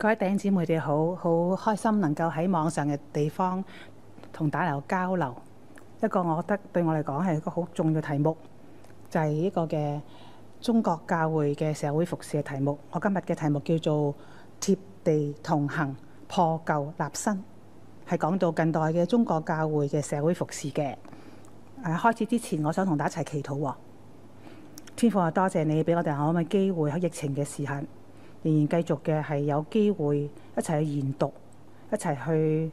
各位頂姐妹哋，好好開心能夠喺網上嘅地方同大家交流。一個我覺得對我嚟講係一個好重要嘅題目，就係、是、呢個嘅中國教會嘅社會服侍嘅題目。我今日嘅題目叫做貼地同行，破舊立新，係講到近代嘅中國教會嘅社會服侍嘅。誒，開始之前，我想同大家一齊祈禱。天父啊，多謝你俾我哋好嘅機會喺疫情嘅時候。仍然繼續嘅係有機會一齊去研讀，一齊去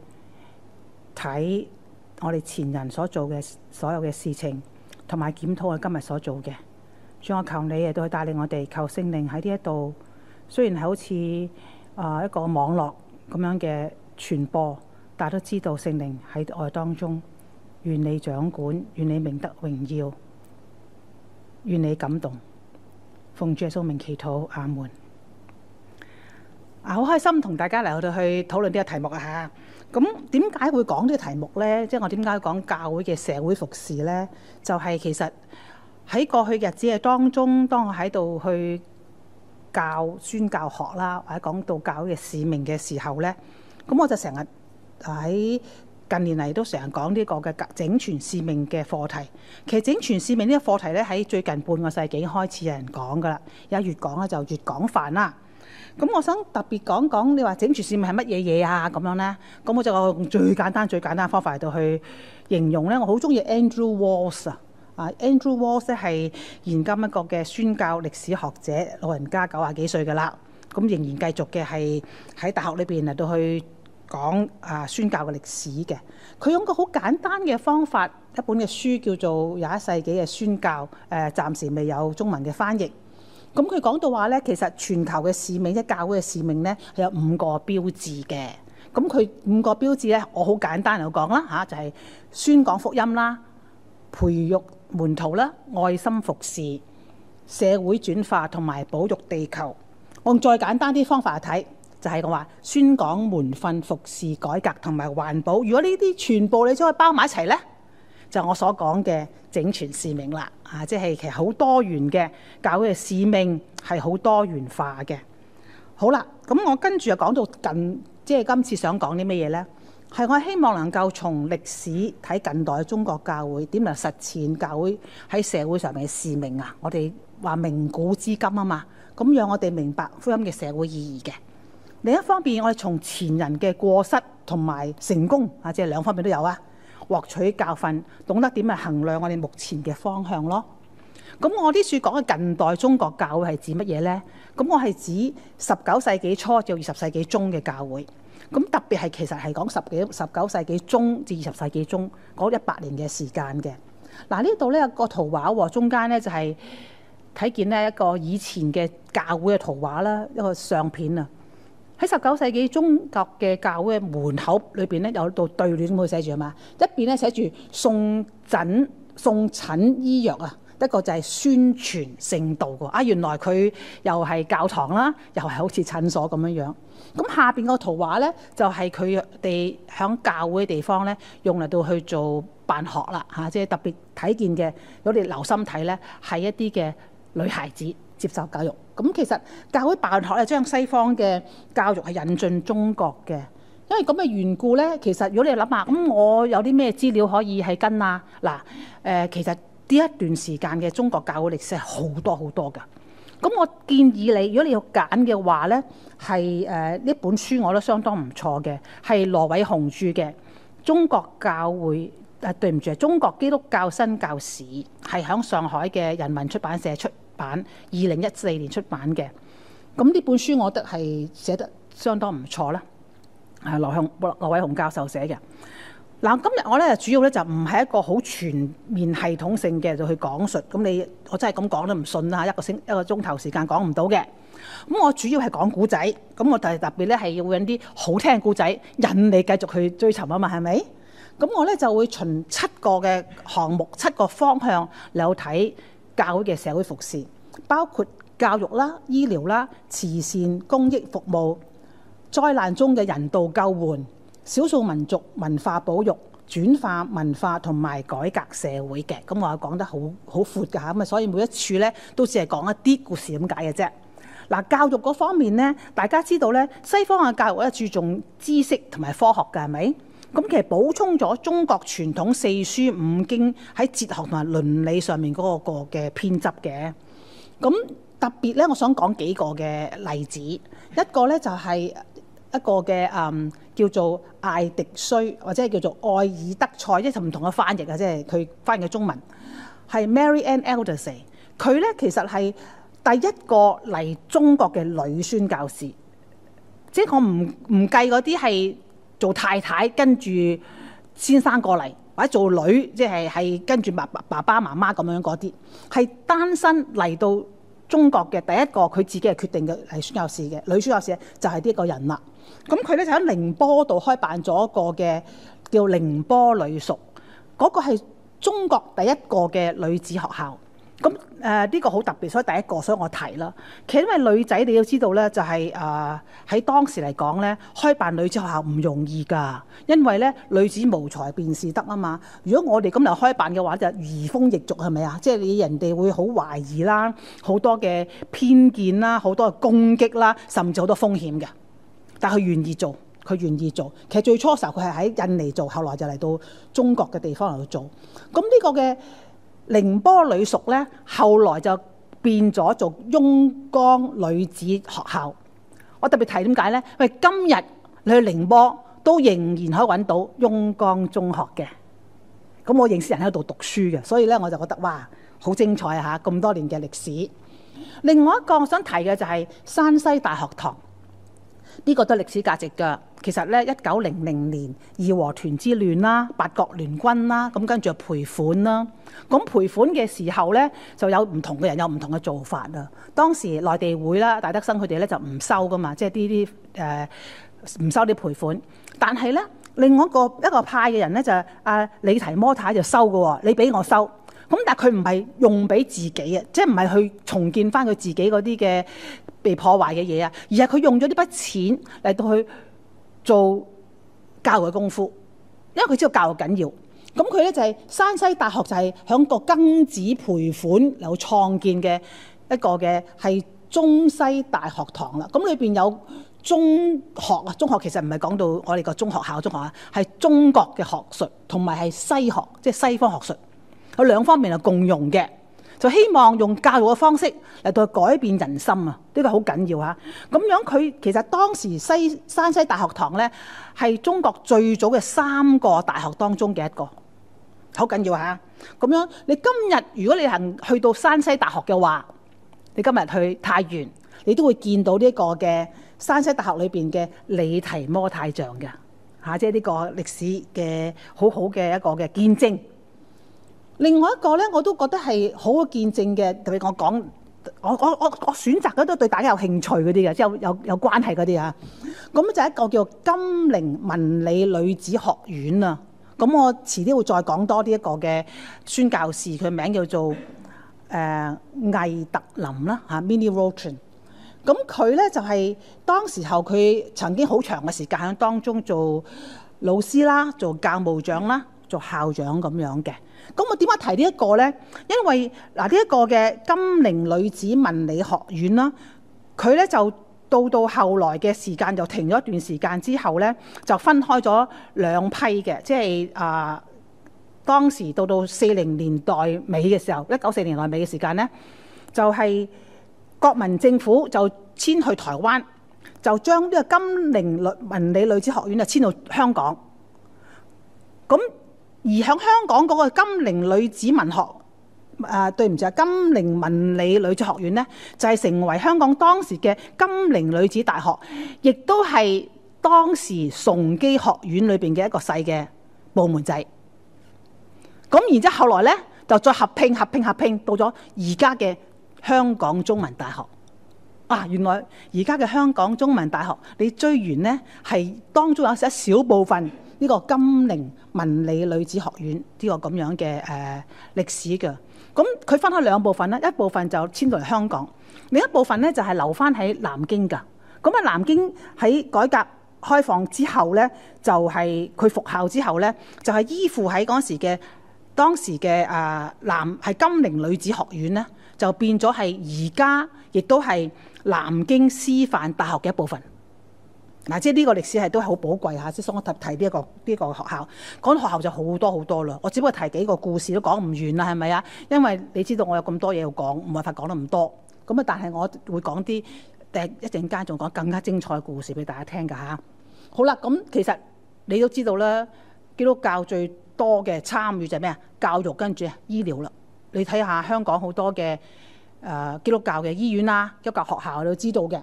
睇我哋前人所做嘅所有嘅事情，同埋檢討我哋今日所做嘅。主，我求你亦都去帶領我哋，求聖靈喺呢一度，雖然係好似啊一個網絡咁樣嘅傳播，但係都知道聖靈喺我哋當中，願你掌管，願你名得榮耀，願你感動。奉主嘅聖名祈禱，阿門。好開心同大家嚟到去討論呢個題目啊。咁點解會講呢個題目咧？即係、就是、我點解講教會嘅社會服侍咧？就係、是、其實喺過去日子嘅當中，當我喺度去教宣教學啦，或者講到教會嘅使命嘅時候咧，咁我就成日喺近年嚟都成日講呢個嘅整全使命嘅課題。其實整全使命的課呢個課題咧，喺最近半個世紀開始有人講噶啦，而家越講咧就越廣泛啦。咁我想特別講講，你話整住線咪係乜嘢嘢啊？咁樣咧，咁我就用最簡單、最簡單嘅方法嚟到去形容咧。我好中意 Andrew Walls 啊！啊，Andrew Walls 係現今一個嘅宣教歷史學者，老人家九啊幾歲噶啦，咁仍然繼續嘅係喺大學裏邊嚟到去講啊宣教嘅歷史嘅。佢用一個好簡單嘅方法，一本嘅書叫做《廿一世紀嘅宣教》，誒，暫時未有中文嘅翻譯。咁佢講到話咧，其實全球嘅使命，即係教會嘅使命咧，有五個標誌嘅。咁佢五個標誌咧，我好簡單嚟講啦嚇，就係、是、宣講福音啦、培育門徒啦、愛心服侍、社會轉化同埋保育地球。我用再簡單啲方法嚟睇，就係講話宣講門訓、服侍改革同埋環保。如果呢啲全部你將佢包埋一齊咧？就是、我所講嘅整全使命啦，啊，即係其實好多元嘅教會嘅使命係好多元化嘅。好啦，咁我跟住啊講到近，即係今次想講啲乜嘢咧？係我希望能夠從歷史睇近代中國教會點樣實踐教會喺社會上面嘅使命啊！我哋話明古至今啊嘛，咁讓我哋明白福音嘅社會意義嘅。另一方面，我哋從前人嘅過失同埋成功啊，即係兩方面都有啊。獲取教訓，懂得點樣衡量我哋目前嘅方向咯。咁我呢處講嘅近代中國教會係指乜嘢咧？咁我係指十九世紀初至二十世紀中嘅教會。咁特別係其實係講十幾、十九世紀中至二十世紀中嗰一百年嘅時間嘅。嗱、啊、呢度咧有個圖畫喎，中間咧就係、是、睇見咧一個以前嘅教會嘅圖畫啦，一個相片啊。喺十九世紀中國嘅教會門口裏邊咧，有一道對聯咁寫住啊嘛，一邊咧寫住送診送診醫藥啊，一個就係宣傳聖道嘅啊，原來佢又係教堂啦，又係好似診所咁樣樣。咁下邊個圖畫咧，就係佢哋響教會嘅地方咧，用嚟到去做辦學啦嚇、啊，即係特別睇見嘅，我哋留心睇咧，係一啲嘅女孩子，接受教育咁，其實教會辦學咧，將西方嘅教育係引進中國嘅。因為咁嘅緣故咧，其實如果你諗下咁，我有啲咩資料可以係跟啊嗱？誒、呃，其實呢一段時間嘅中國教會歷史係好多好多噶，咁我建議你，如果你要揀嘅話咧，係誒呢本書我都相當唔錯嘅，係羅偉雄著嘅《中國教會》誒對唔住啊，《中國基督教新教史》係響上海嘅人民出版社出版二零一四年出版嘅，咁呢本書我覺得係寫得相當唔錯啦，係羅向羅偉雄教授寫嘅。嗱，今日我咧主要咧就唔係一個好全面系統性嘅就去講述，咁你我真係咁講都唔信啦，一個星一個鐘頭時，時間講唔到嘅。咁我主要係講故仔，咁我就特別咧係會揾啲好聽嘅故仔，引你繼續去追尋啊嘛，係咪？咁我咧就會循七個嘅項目、七個方向嚟到睇。教會嘅社會服侍，包括教育啦、醫療啦、慈善公益服務、災難中嘅人道救援、少數民族文化保育、轉化文化同埋改革社會嘅，咁、嗯、我講得好好闊㗎嚇，咁啊所以每一處咧都只係講一啲故事咁解嘅啫。嗱，教育嗰方面咧，大家知道咧，西方嘅教育咧注重知識同埋科學㗎，係咪？咁其實補充咗中國傳統四書五經喺哲學同埋倫理上面嗰個個嘅編執嘅。咁特別咧，我想講幾個嘅例子。一個咧就係一個嘅嗯叫做艾迪胥或者係叫做愛爾德賽，即係唔同嘅翻譯啊，即係佢翻譯嘅中文係 Mary Ann Aldersey。佢咧其實係第一個嚟中國嘅女宣教師。即係我唔唔計嗰啲係。做太太跟住先生過嚟，或者做女，即係係跟住爸爸爸爸媽媽咁樣嗰啲，係單身嚟到中國嘅第一個，佢自己係決定嘅係宣教士嘅女宣教士就係呢一個人啦。咁佢咧就喺寧波度開辦咗一個嘅叫寧波女塾，嗰個係中國第一個嘅女子學校。咁誒呢個好特別，所以第一個，所以我提啦。其實因為女仔你要知道咧，就係誒喺當時嚟講咧，開辦女子學校唔容易㗎，因為咧女子無才便是德啊嘛。如果我哋咁嚟開辦嘅話，就逆風逆俗係咪啊？即係你人哋會好懷疑啦，好多嘅偏見啦，好多嘅攻擊啦，甚至好多風險嘅。但係佢願意做，佢願意做。其實最初時候佢係喺印尼做，後來就嚟到中國嘅地方嚟到做。咁呢個嘅。寧波女塾咧，後來就變咗做雍江女子學校。我特別提，點解咧？喂，今日你去寧波都仍然可以揾到雍江中學嘅。咁我認識人喺度讀書嘅，所以咧我就覺得哇，好精彩啊！吓咁多年嘅歷史。另外一個我想提嘅就係山西大學堂，呢個都係歷史價值嘅。其實咧，一九零零年義和團之亂啦，八國聯軍啦，咁跟住就賠款啦。咁賠款嘅時候咧，就有唔同嘅人有唔同嘅做法啊。當時內地會啦、大德生佢哋咧就唔收噶嘛，即係呢啲誒唔收啲賠款。但係咧，另外一個一個派嘅人咧就係阿、啊、李提摩太就收嘅喎，你俾我收。咁但係佢唔係用俾自己啊，即係唔係去重建翻佢自己嗰啲嘅被破壞嘅嘢啊，而係佢用咗呢筆錢嚟到去做教育嘅功夫，因為佢知道教育緊要。咁佢咧就係山西大學就係響個庚子賠款有創建嘅一個嘅係中西大學堂啦。咁裏邊有中學啊，中學其實唔係講到我哋個中學校中學啊，係中國嘅學術同埋係西學即係、就是、西方學術，佢兩方面係共用嘅。就希望用教育嘅方式嚟到改變人心，這個、啊！呢個好緊要吓。咁樣，佢其實當時西山西大學堂咧係中國最早嘅三個大學當中嘅一個，好緊要吓，啊。咁樣，你今日如果你行去到山西大學嘅話，你今日去太原，你都會見到呢一個嘅山西大學裏邊嘅李提摩太像嘅吓，啊，即係呢個歷史嘅好好嘅一個嘅見證。另外一個咧，我都覺得係好嘅見證嘅，特別我講，我我我我選擇嗰啲對大家有興趣嗰啲嘅，即係有有，有關係嗰啲啊。咁就係一個叫金陵文理女子學院啊。咁我遲啲會再講多啲一個嘅宣教士，佢名叫做誒魏、呃、特林啦，嚇、啊、Minnie Vautrin 咁佢咧就係、是、當時候佢曾經好長嘅時間喺當中做老師啦，做教務長啦。做校長咁樣嘅，咁我點解提這個呢一個咧？因為嗱，呢、這、一個嘅金陵女子文理學院啦，佢咧就到到後來嘅時間就停咗一段時間之後咧，就分開咗兩批嘅，即係啊，當時到到四零年代尾嘅時候，一九四零年代尾嘅時間咧，就係、是、國民政府就遷去台灣，就將呢個金陵文理女子學院就遷到香港，咁。而喺香港嗰個金陵女子文學，誒、啊、對唔住，係金陵文理女子學院咧，就係、是、成為香港當時嘅金陵女子大學，亦都係當時崇基學院裏邊嘅一個細嘅部門仔。咁然之後來咧，就再合併、合併、合併，到咗而家嘅香港中文大學。啊，原來而家嘅香港中文大學，你追完咧，係當中有少少部分。呢、這個金陵文理女子學院呢、這個咁樣嘅誒歷史㗎，咁、嗯、佢分開兩部分啦，一部分就遷到嚟香港，另一部分咧就係、是、留返喺南京㗎。咁、嗯、啊，南京喺改革開放之後咧，就係佢復校之後咧，就係、是、依附喺嗰時嘅當時嘅啊、呃、南係金陵女子學院咧，就變咗係而家亦都係南京師範大學嘅一部分。嗱、這個，即係呢個歷史係都好寶貴嚇，即係想我提提呢一個呢、呢個學校。講學校就好多好多啦，我只不過提幾個故事都講唔完啦，係咪啊？因為你知道我有咁多嘢要講，唔辦法講得咁多。咁啊，但係我會講啲誒一陣間仲講更加精彩嘅故事俾大家聽㗎嚇。好啦，咁其實你都知道啦，基督教最多嘅參與就係咩啊？教育跟住醫療啦。你睇下香港好多嘅誒、呃、基督教嘅醫院啦、基督教學校你都知道嘅。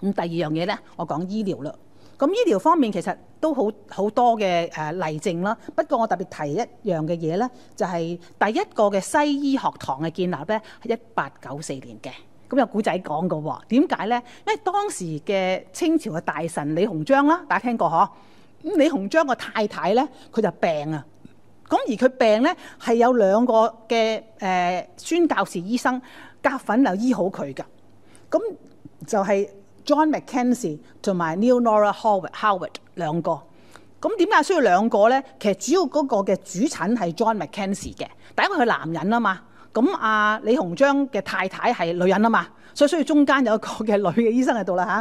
咁第二樣嘢咧，我講醫療啦。咁醫療方面其實都好好多嘅誒、呃、例證啦。不過我特別提一樣嘅嘢咧，就係、是、第一個嘅西醫學堂嘅建立咧，係一八九四年嘅。咁有古仔講過喎，點解咧？因為當時嘅清朝嘅大臣李鴻章啦，大家聽過嗬，咁李鴻章個太太咧，佢就病啊。咁而佢病咧係有兩個嘅誒宣教士醫生夾份就醫好佢㗎。咁就係、是。John Mackenzie 同埋 Neil Nora Howard，Howard 兩個。咁點解需要兩個咧？其實主要嗰個嘅主診係 John Mackenzie 嘅，但因為佢男人啊嘛，咁阿、啊、李鴻章嘅太太係女人啊嘛，所以需要中間有一個嘅女嘅醫生喺度啦吓。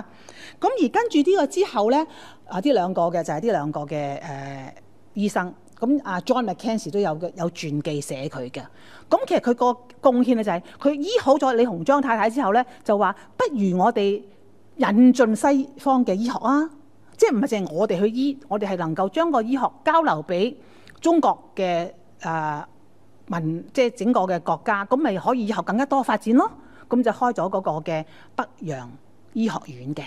咁、啊、而跟住呢個之後咧，啊呢兩個嘅就係呢兩個嘅誒、呃、醫生咁。阿、啊、John Mackenzie 都有嘅有傳記寫佢嘅咁，其實佢個貢獻咧就係、是、佢醫好咗李鴻章太太之後咧，就話不如我哋。引進西方嘅醫學啊，即係唔係淨係我哋去醫，我哋係能夠將個醫學交流俾中國嘅誒民，即係整個嘅國家，咁咪可以以後更加多發展咯。咁就開咗嗰個嘅北洋醫學院嘅，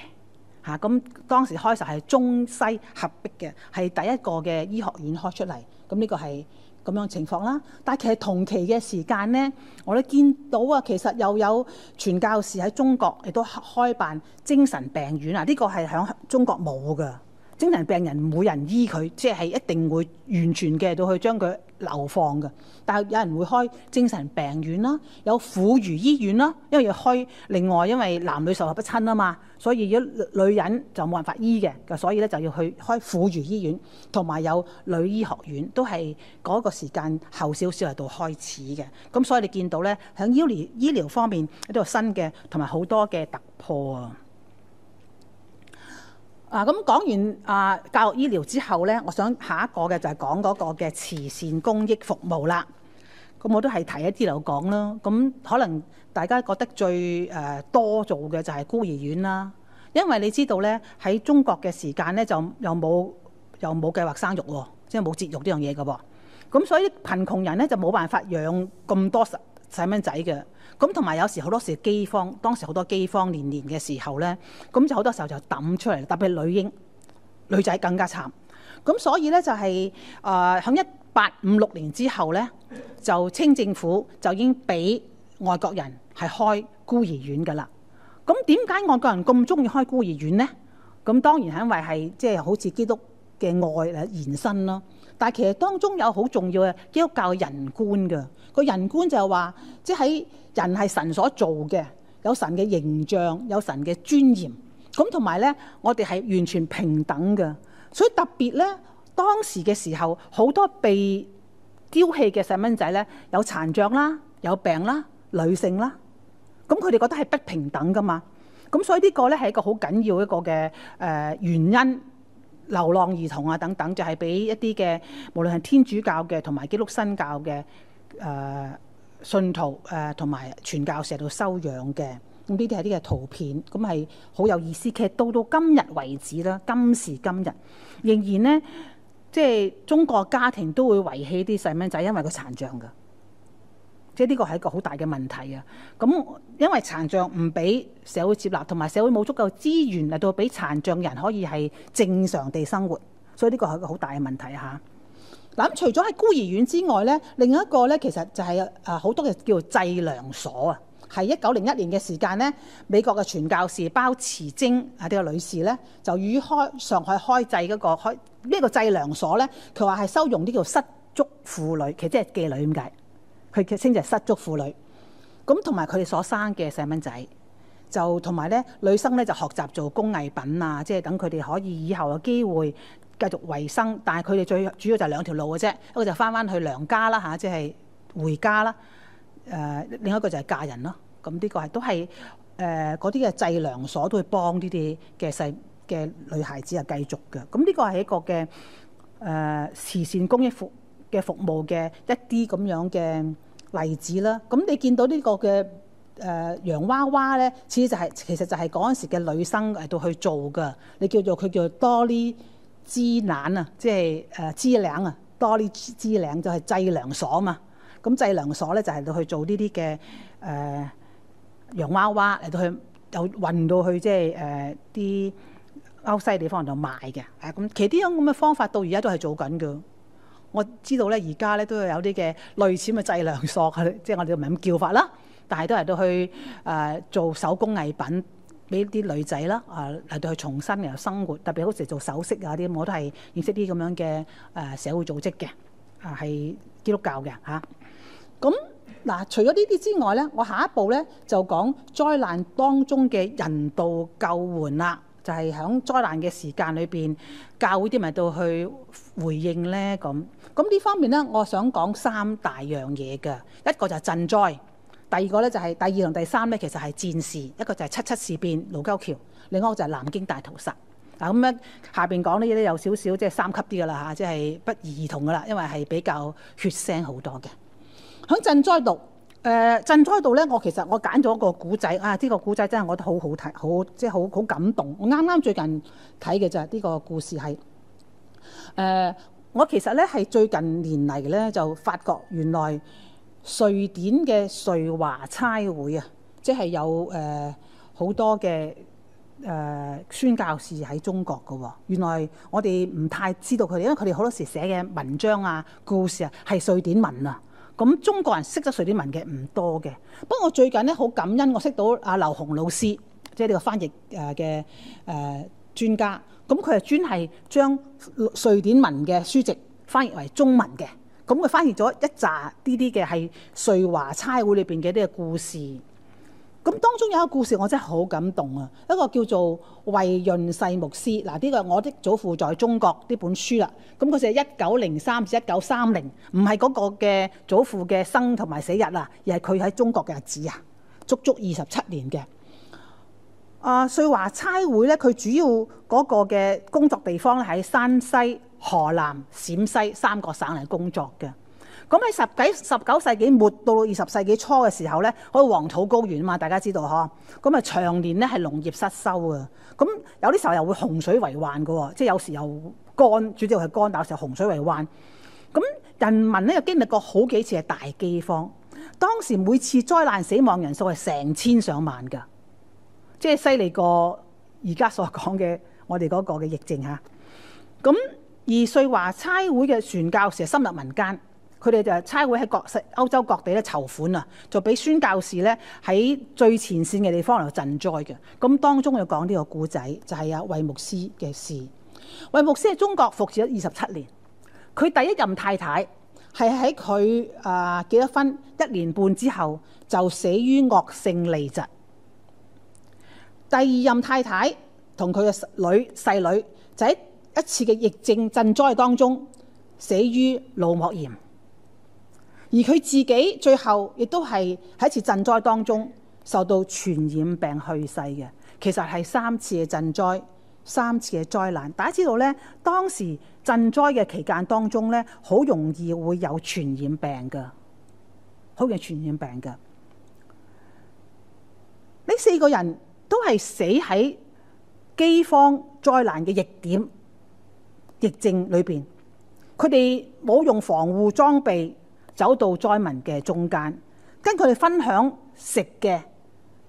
嚇、啊、咁當時開時候係中西合璧嘅，係第一個嘅醫學院開出嚟。咁、這、呢個係咁樣的情況啦，但係其實同期嘅時間咧，我哋見到啊，其實又有傳教士喺中國亦都開辦精神病院啊，呢、這個係響中國冇噶。精神病人唔會人醫佢，即係一定會完全嘅到去將佢流放嘅。但係有人會開精神病院啦，有婦孺醫院啦，因為要開另外，因為男女授受不親啊嘛，所以如果女人就冇辦法醫嘅，所以咧就要去開婦孺醫院，同埋有女醫學院，都係嗰個時間後少少嚟到開始嘅。咁所以你見到咧，響醫療醫療方面都有新嘅同埋好多嘅突破啊！啊，咁講完啊，教育醫療之後咧，我想下一個嘅就係講嗰個嘅慈善公益服務啦。咁我都係提一啲嚟講啦。咁可能大家覺得最誒多、呃、做嘅就係孤兒院啦，因為你知道咧喺中國嘅時間咧就又冇又冇計劃生育喎，即係冇節育呢樣嘢嘅噃。咁所以貧窮人咧就冇辦法養咁多細細蚊仔嘅。咁同埋有時好多時饑荒，當時好多饑荒年年嘅時候咧，咁就好多時候就抌出嚟，特別女嬰、女仔更加慘。咁所以咧就係、是、誒，響一八五六年之後咧，就清政府就已經俾外國人係開孤兒院㗎啦。咁點解外國人咁中意開孤兒院咧？咁當然係因為係即係好似基督嘅愛延伸咯。但係其實當中有好重要嘅基督教人觀嘅個人觀就係話，即喺。人係神所做嘅，有神嘅形象，有神嘅尊嚴。咁同埋咧，我哋係完全平等嘅。所以特別咧，當時嘅時候，好多被丟棄嘅細蚊仔咧，有殘障啦，有病啦，女性啦，咁佢哋覺得係不平等噶嘛。咁所以呢個咧係一個好緊要的一個嘅誒原因。流浪兒童啊等等，就係、是、俾一啲嘅無論係天主教嘅同埋基督新教嘅誒。呃信徒誒同埋傳教士度收養嘅，咁呢啲係啲嘅圖片，咁係好有意思。其實到到今日為止啦，今時今日仍然咧，即係中國家庭都會遺棄啲細蚊仔，因為佢殘障㗎，即係呢個係一個好大嘅問題啊！咁因為殘障唔俾社會接納，同埋社會冇足夠資源嚟到俾殘障人可以係正常地生活，所以呢個係一個好大嘅問題嚇。嗱，除咗喺孤兒院之外咧，另一個咧其實就係誒好多嘅叫濟良所啊，係一九零一年嘅時間咧，美國嘅傳教士包慈貞啊呢個女士咧，就與開上海開製嗰、個開呢個濟良所咧，佢話係收容啲叫失足婦女，其實即係妓女咁解，佢嘅稱就係失足婦女。咁同埋佢哋所生嘅細蚊仔，就同埋咧女生咧就學習做工藝品啊，即係等佢哋可以以後有機會繼續維生，但係佢哋最主要就係兩條路嘅啫。一個就返返去娘家啦嚇、啊，即係回家啦。誒、呃，另一個就係嫁人咯。咁、啊、呢、這個係都係誒嗰啲嘅濟良所都會幫呢啲嘅細嘅女孩子繼續的啊，繼續嘅。咁呢個係一個嘅誒、呃、慈善公益服嘅服務嘅一啲咁樣嘅例子啦。咁、啊嗯、你見到呢個嘅誒、呃、洋娃娃咧，始就係其實就係嗰陣時嘅女生嚟到去做嘅。你叫做佢叫多莉。支冷啊，即係誒支領啊，多啲支領就係製量所嘛。咁製量所咧，就係到去做呢啲嘅誒洋娃娃嚟到去，又運到去即係誒啲歐西地方度賣嘅。咁、啊、其實啲咁嘅方法到而家都係做緊嘅。我知道咧，而家咧都有啲嘅類似嘅製量所，即係我哋唔係咁叫法啦。但係都係到去誒、呃、做手工藝品。俾啲女仔啦，啊嚟到去重新嘅生活，特別好似做首飾啊啲，我都係認識啲咁樣嘅誒、呃、社會組織嘅，啊係基督教嘅吓。咁、啊、嗱、啊，除咗呢啲之外咧，我下一步咧就講災難當中嘅人道救援啦，就係、是、響災難嘅時間裏邊教會啲咪到去回應咧咁。咁呢方面咧，我想講三大樣嘢嘅，一個就係賑災。第二個咧就係、是、第二同第三咧，其實係戰事。一個就係七七事變、盧溝橋，另外一個就係南京大屠殺。嗱咁咧下邊講呢啲咧有少少即係三級啲噶啦嚇，即、就、係、是、不宜兒童噶啦，因為係比較血腥好多嘅。喺賑災度，誒、呃、賑災度咧，我其實我揀咗個古仔啊！呢、這個古仔真係我覺得好好睇，好即係好好感動。我啱啱最近睇嘅就係呢、這個故事係誒、呃，我其實咧係最近年嚟咧就發覺原來，瑞典嘅瑞華差會啊，即係有誒好、呃、多嘅誒、呃、宣教士喺中國嘅喎。原來我哋唔太知道佢哋，因為佢哋好多時寫嘅文章啊、故事啊係瑞典文啊。咁、嗯、中國人識得瑞典文嘅唔多嘅。不過我最近咧好感恩，我識到阿劉洪老師，即係呢個翻譯誒嘅誒專家。咁佢係專係將瑞典文嘅書籍翻譯為中文嘅。咁佢翻譯咗一紮啲啲嘅係瑞華差會裏邊嘅啲嘅故事，咁當中有一個故事我真係好感動啊！一個叫做惠潤世牧師嗱，呢個係我啲祖父在中國呢本書啦，咁佢就係一九零三至一九三零，唔係嗰個嘅祖父嘅生同埋死日啊，而係佢喺中國嘅日子啊，足足二十七年嘅。啊，瑞華差會咧，佢主要嗰個嘅工作地方咧喺山西、河南、陝西三個省嚟工作嘅，咁喺十幾十九世紀末到到二十世紀初嘅時候咧，嗰個黃土高原嘛，大家知道嗬，咁啊長年咧係農業失收啊，咁有啲時候又會洪水為患嘅，即係有時候又乾，主要係乾，但係有時候洪水為患，咁人民咧又經歷過好幾次係大饑荒，當時每次災難死亡人數係成千上萬嘅，即係犀利過而家所講嘅我哋嗰個嘅疫症嚇，咁。而瑞華差會嘅傳教士深入民間，佢哋就係差會喺國西歐洲各地咧籌款啊，就俾宣教士咧喺最前線嘅地方嚟賑災嘅。咁當中要講呢個故仔就係阿魏牧師嘅事。魏、就是、牧師喺中國服侍咗二十七年，佢第一任太太係喺佢啊結咗婚一年半之後就死於惡性痢疾。第二任太太同佢嘅女細女就一次嘅疫症賑災當中，死於腦膜炎，而佢自己最後亦都係喺一次賑災當中受到傳染病去世嘅。其實係三次嘅賑災，三次嘅災難。大家知道呢，當時賑災嘅期間當中呢，好容易會有傳染病㗎，好容易傳染病㗎。呢四個人都係死喺饑荒災難嘅疫點。疫症裏邊，佢哋冇用防護裝備，走到災民嘅中間，跟佢哋分享食嘅，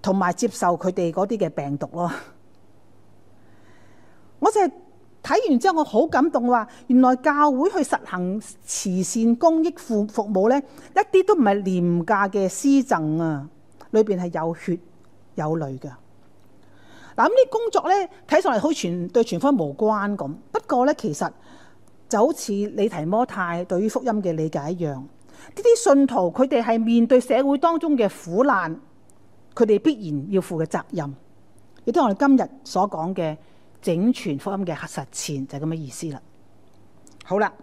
同埋接受佢哋嗰啲嘅病毒咯。我就係睇完之後，我好感動，我話原來教會去實行慈善公益服服務咧，一啲都唔係廉價嘅施贈啊，裏邊係有血有淚㗎。嗱，咁呢啲工作咧，睇上嚟好全對全方無關咁，不過咧，其實就好似李提摩太對於福音嘅理解一樣，呢啲信徒佢哋係面對社會當中嘅苦難，佢哋必然要負嘅責任，亦都係我哋今日所講嘅整全福音嘅實踐就係咁嘅意思啦。好啦，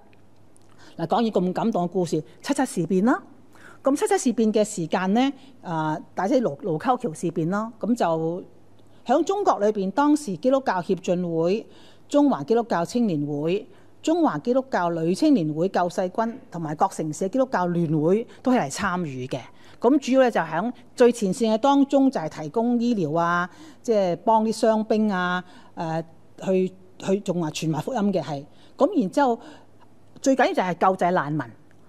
嗱，講完咁感動嘅故事，七七事變啦，咁七七事變嘅時間咧、呃，大寫盧盧溝橋事變啦，咁就。喺中國裏邊，當時基督教協進會、中華基督教青年會、中華基督教女青年會、救世軍同埋各城市嘅基督教聯會都係嚟參與嘅。咁主要咧就喺最前線嘅當中，就係提供醫療啊，即係幫啲傷兵啊，誒去去仲話傳埋福音嘅係。咁然之後最緊要就係救濟難民，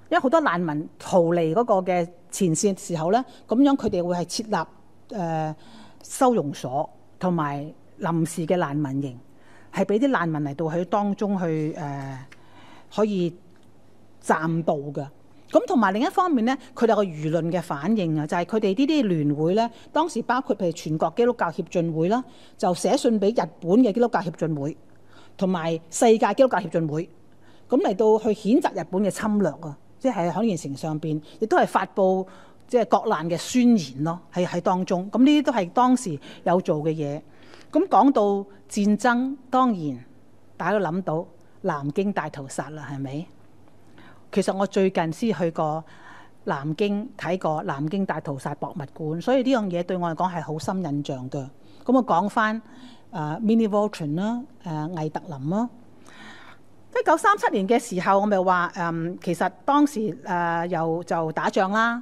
因為好多難民逃離嗰個嘅前線時候咧，咁樣佢哋會係設立誒收容所。同埋臨時嘅難民營，係俾啲難民嚟到喺當中去誒、呃，可以暫渡嘅。咁同埋另一方面咧，佢哋有個輿論嘅反應啊，就係佢哋呢啲聯會咧，當時包括譬如全國基督教協進會啦，就寫信俾日本嘅基督教協進會，同埋世界基督教協進會，咁嚟到去譴責日本嘅侵略啊，即係海原城上邊，亦都係發布。即係國難嘅宣言咯，喺喺當中咁，呢啲都係當時有做嘅嘢。咁講到戰爭，當然大家都諗到南京大屠殺啦，係咪？其實我最近先去過南京睇過南京大屠殺博物館，所以呢樣嘢對我嚟講係好深印象嘅。咁我講返誒 Minnie Vautrin 啦，誒魏特林啦、啊。一九三七年嘅時候，我咪話誒，其實當時誒、啊、又就打仗啦。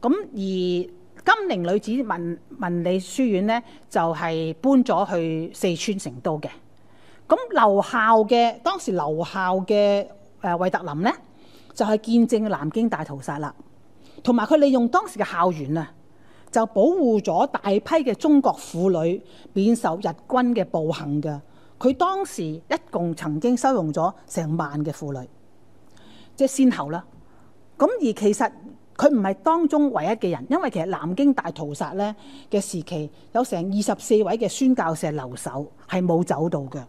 咁而金陵女子文文理書院咧，就係搬咗去四川成都嘅。咁留校嘅當時留校嘅誒魏特林咧，就係見證南京大屠殺啦。同埋佢利用當時嘅校園啊，就保護咗大批嘅中國婦女免受日軍嘅暴行嘅。佢當時一共曾經收容咗成萬嘅婦女，即係先後啦。咁而其實佢唔係當中唯一嘅人，因為其實南京大屠殺咧嘅時期有成二十四位嘅宣教士留守係冇走到嘅。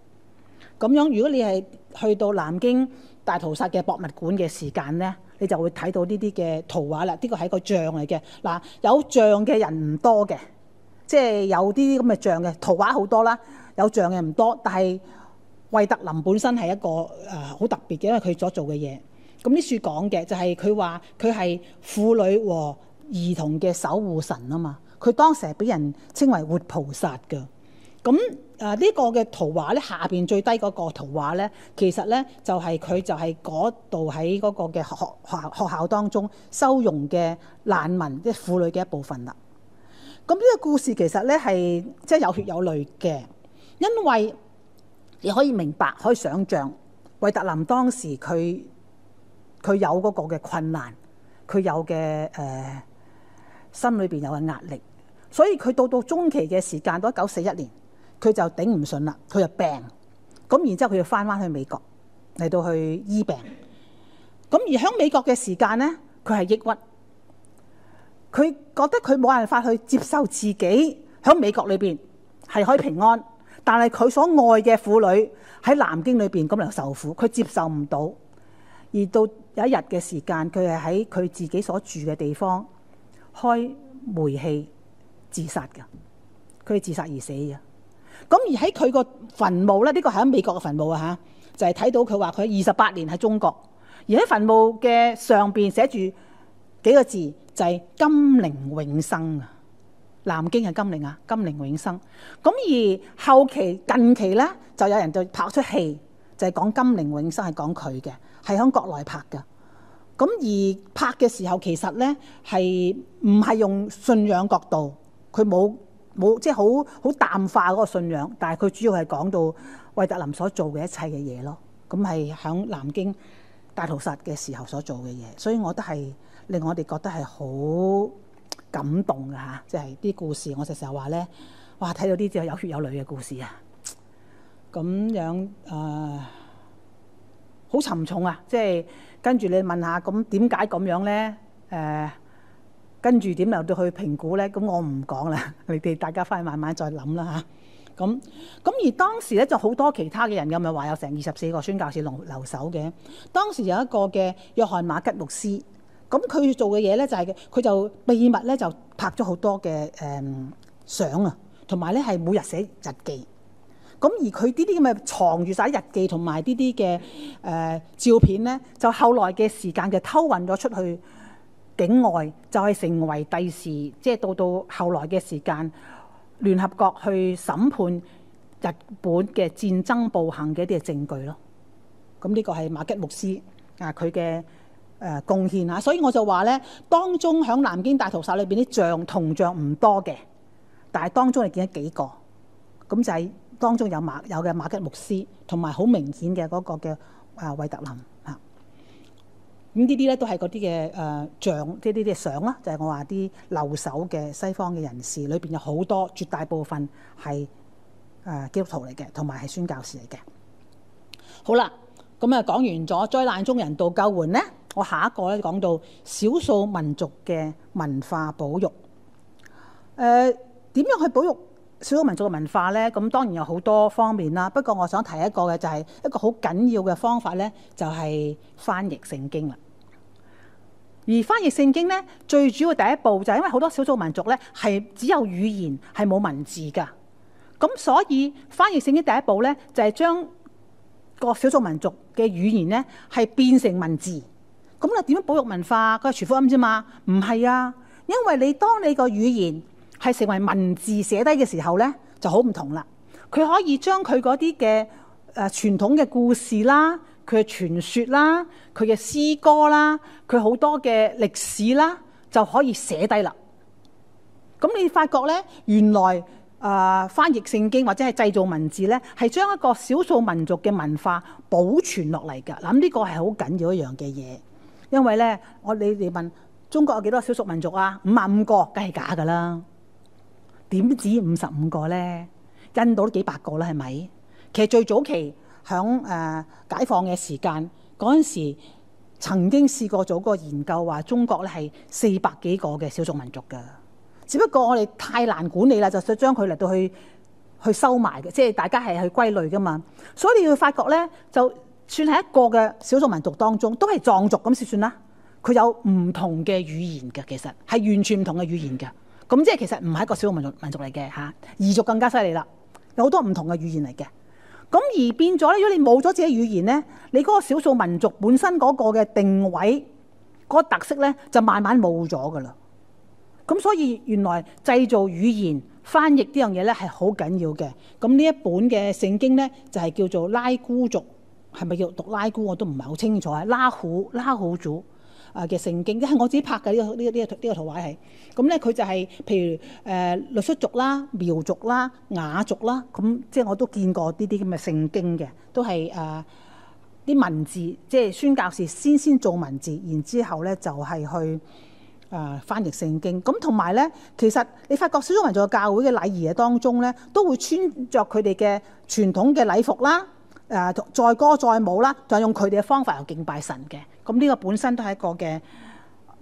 咁樣如果你係去到南京大屠殺嘅博物館嘅時間咧，你就會睇到呢啲嘅圖畫啦。呢個係個像嚟嘅，嗱有像嘅人唔多嘅，即係有啲咁嘅像嘅圖畫好多啦，有像嘅唔多、就是、多，多。但係惠特林本身係一個誒好特別嘅，因為佢所做嘅嘢。咁呢處講嘅就係佢話佢係婦女和兒童嘅守護神啊嘛！佢當時係俾人稱為活菩薩㗎。咁誒呢個嘅圖畫咧，下邊最低嗰個圖畫咧，其實咧就係、是、佢就係嗰度喺嗰個嘅學學學校當中收容嘅難民，即係婦、就是、女嘅一部分啦。咁呢個故事其實咧係即係有血有淚嘅，因為你可以明白，可以想像韋特林當時佢。佢有嗰個嘅困難，佢有嘅誒、呃、心裏邊有嘅壓力，所以佢到到中期嘅時間，到一九四一年，佢就頂唔順啦，佢就病，咁然之後佢就返返去美國嚟到去醫病。咁而喺美國嘅時間咧，佢係抑鬱，佢覺得佢冇辦法去接受自己喺美國裏邊係可以平安，但係佢所愛嘅婦女喺南京裏邊咁嚟受苦，佢接受唔到。而到有一日嘅時間，佢係喺佢自己所住嘅地方開煤氣自殺㗎。佢係自殺而死㗎。咁而喺佢個墳墓咧，呢、呢個係喺美國嘅墳墓啊！吓，就係、是、睇到佢話佢二十八年喺中國，而喺墳墓嘅上邊寫住幾個字就係、是、金陵永生啊。南京係金陵啊，金陵永生。咁而後期近期咧，就有人就拍出戲就係、是、講金陵永生係講佢嘅。係喺國內拍嘅，咁而拍嘅時候其實咧係唔係用信仰角度，佢冇冇即係好好淡化嗰個信仰，但係佢主要係講到惠特林所做嘅一切嘅嘢咯，咁係喺南京大屠殺嘅時候所做嘅嘢，所以我都係令我哋覺得係好感動嘅嚇，即係啲故事，我就成日話咧，哇睇到啲即有血有淚嘅故事啊，咁樣啊～、呃好沉重啊！即、就、係、是、跟住你問一下，咁點解咁樣咧？誒、呃，跟住點嚟到去評估咧？咁、嗯、我唔講啦，你哋大家翻去慢慢再諗啦嚇。咁、嗯、咁、嗯、而當時咧就好多其他嘅人咁咪話有成二十四個宣教士留留守嘅。當時有一個嘅約翰馬吉牧師，咁、嗯、佢做嘅嘢咧就係、是、佢就秘密咧就拍咗好多嘅誒、嗯、相啊，同埋咧係每日寫日記。咁而佢呢啲咁嘅藏住晒日記同埋呢啲嘅誒照片咧，就後來嘅時間就偷運咗出去境外，就係、是、成為第時，即、就、係、是、到到後來嘅時間聯合國去審判日本嘅戰爭暴行嘅一啲嘅證據咯。咁呢個係馬吉牧師啊佢嘅誒貢獻啊，所以我就話咧，當中響南京大屠殺裏邊啲像銅像唔多嘅，但係當中你見咗幾個，咁就係、是。當中有馬有嘅馬吉牧師，同埋好明顯嘅嗰個嘅啊韋特林嚇，咁呢啲咧都係嗰啲嘅誒像即係呢啲相啦，就係、是、我話啲留守嘅西方嘅人士，裏邊有好多絕大部分係誒、呃、基督徒嚟嘅，同埋係宣教士嚟嘅。好啦，咁、嗯、啊講完咗災難中人道救援咧，我下一個咧講到少數民族嘅文化保育，誒、呃、點樣去保育？少數民族嘅文化咧，咁當然有好多方面啦。不過我想提一個嘅就係一個好緊要嘅方法咧，就係翻譯聖經啦。而翻譯聖經咧，最主要第一步就係因為好多少數民族咧係只有語言係冇文字噶，咁所以翻譯聖經第一步咧就係將個少數民族嘅語言咧係變成文字。咁你點樣保育文化？佢係傳福音啫嘛，唔係啊，因為你當你個語言。係成為文字寫低嘅時候咧，就好唔同啦。佢可以將佢嗰啲嘅誒傳統嘅故事啦，佢嘅傳說啦，佢嘅詩歌啦，佢好多嘅歷史啦，就可以寫低啦。咁你發覺咧，原來誒、呃、翻譯聖經或者係製造文字咧，係將一個少數民族嘅文化保存落嚟㗎。嗱，呢個係好緊要一樣嘅嘢，因為咧，我你哋問中國有幾多少數民族啊？五十五個，梗係假㗎啦。點止五十五個咧？印度都幾百個啦，係咪？其實最早期響誒、呃、解放嘅時間嗰陣時，曾經試過做過研究，話中國咧係四百幾個嘅少數民族㗎。只不過我哋太難管理啦，就想將佢嚟到去去收埋嘅，即係大家係去歸類噶嘛。所以你會發覺咧，就算係一個嘅少數民族當中，都係藏族咁先算啦。佢有唔同嘅語言嘅，其實係完全唔同嘅語言嘅。咁即係其實唔係一個少數民族民族嚟嘅嚇，彝族更加犀利啦，有好多唔同嘅語言嚟嘅。咁而變咗咧，如果你冇咗自己的語言咧，你嗰個少數民族本身嗰個嘅定位、嗰、嗰個特色咧，就慢慢冇咗噶啦。咁所以原來製造語言、翻譯呢樣嘢咧係好緊要嘅。咁呢一本嘅聖經咧就係、係、叫做拉祜族，係咪叫讀拉祜？我都唔係好清楚啊。拉祜拉祜族。啊嘅聖經，即係我自己拍嘅呢、這個呢、這個呢、這個圖畫係，咁咧佢就係、是、譬如誒傈僳族啦、苗族啦、佤族啦，咁、嗯、即係我都見過呢啲咁嘅聖經嘅，都係誒啲文字，即係宣教士先先做文字，然之後咧就係、是、去誒、呃、翻譯聖經，咁同埋咧其實你發覺少數民族嘅教會嘅禮儀嘅當中咧，都會穿着佢哋嘅傳統嘅禮服啦。誒、呃，再歌再舞啦，就用佢哋嘅方法嚟敬拜神嘅。咁呢個本身都係一個嘅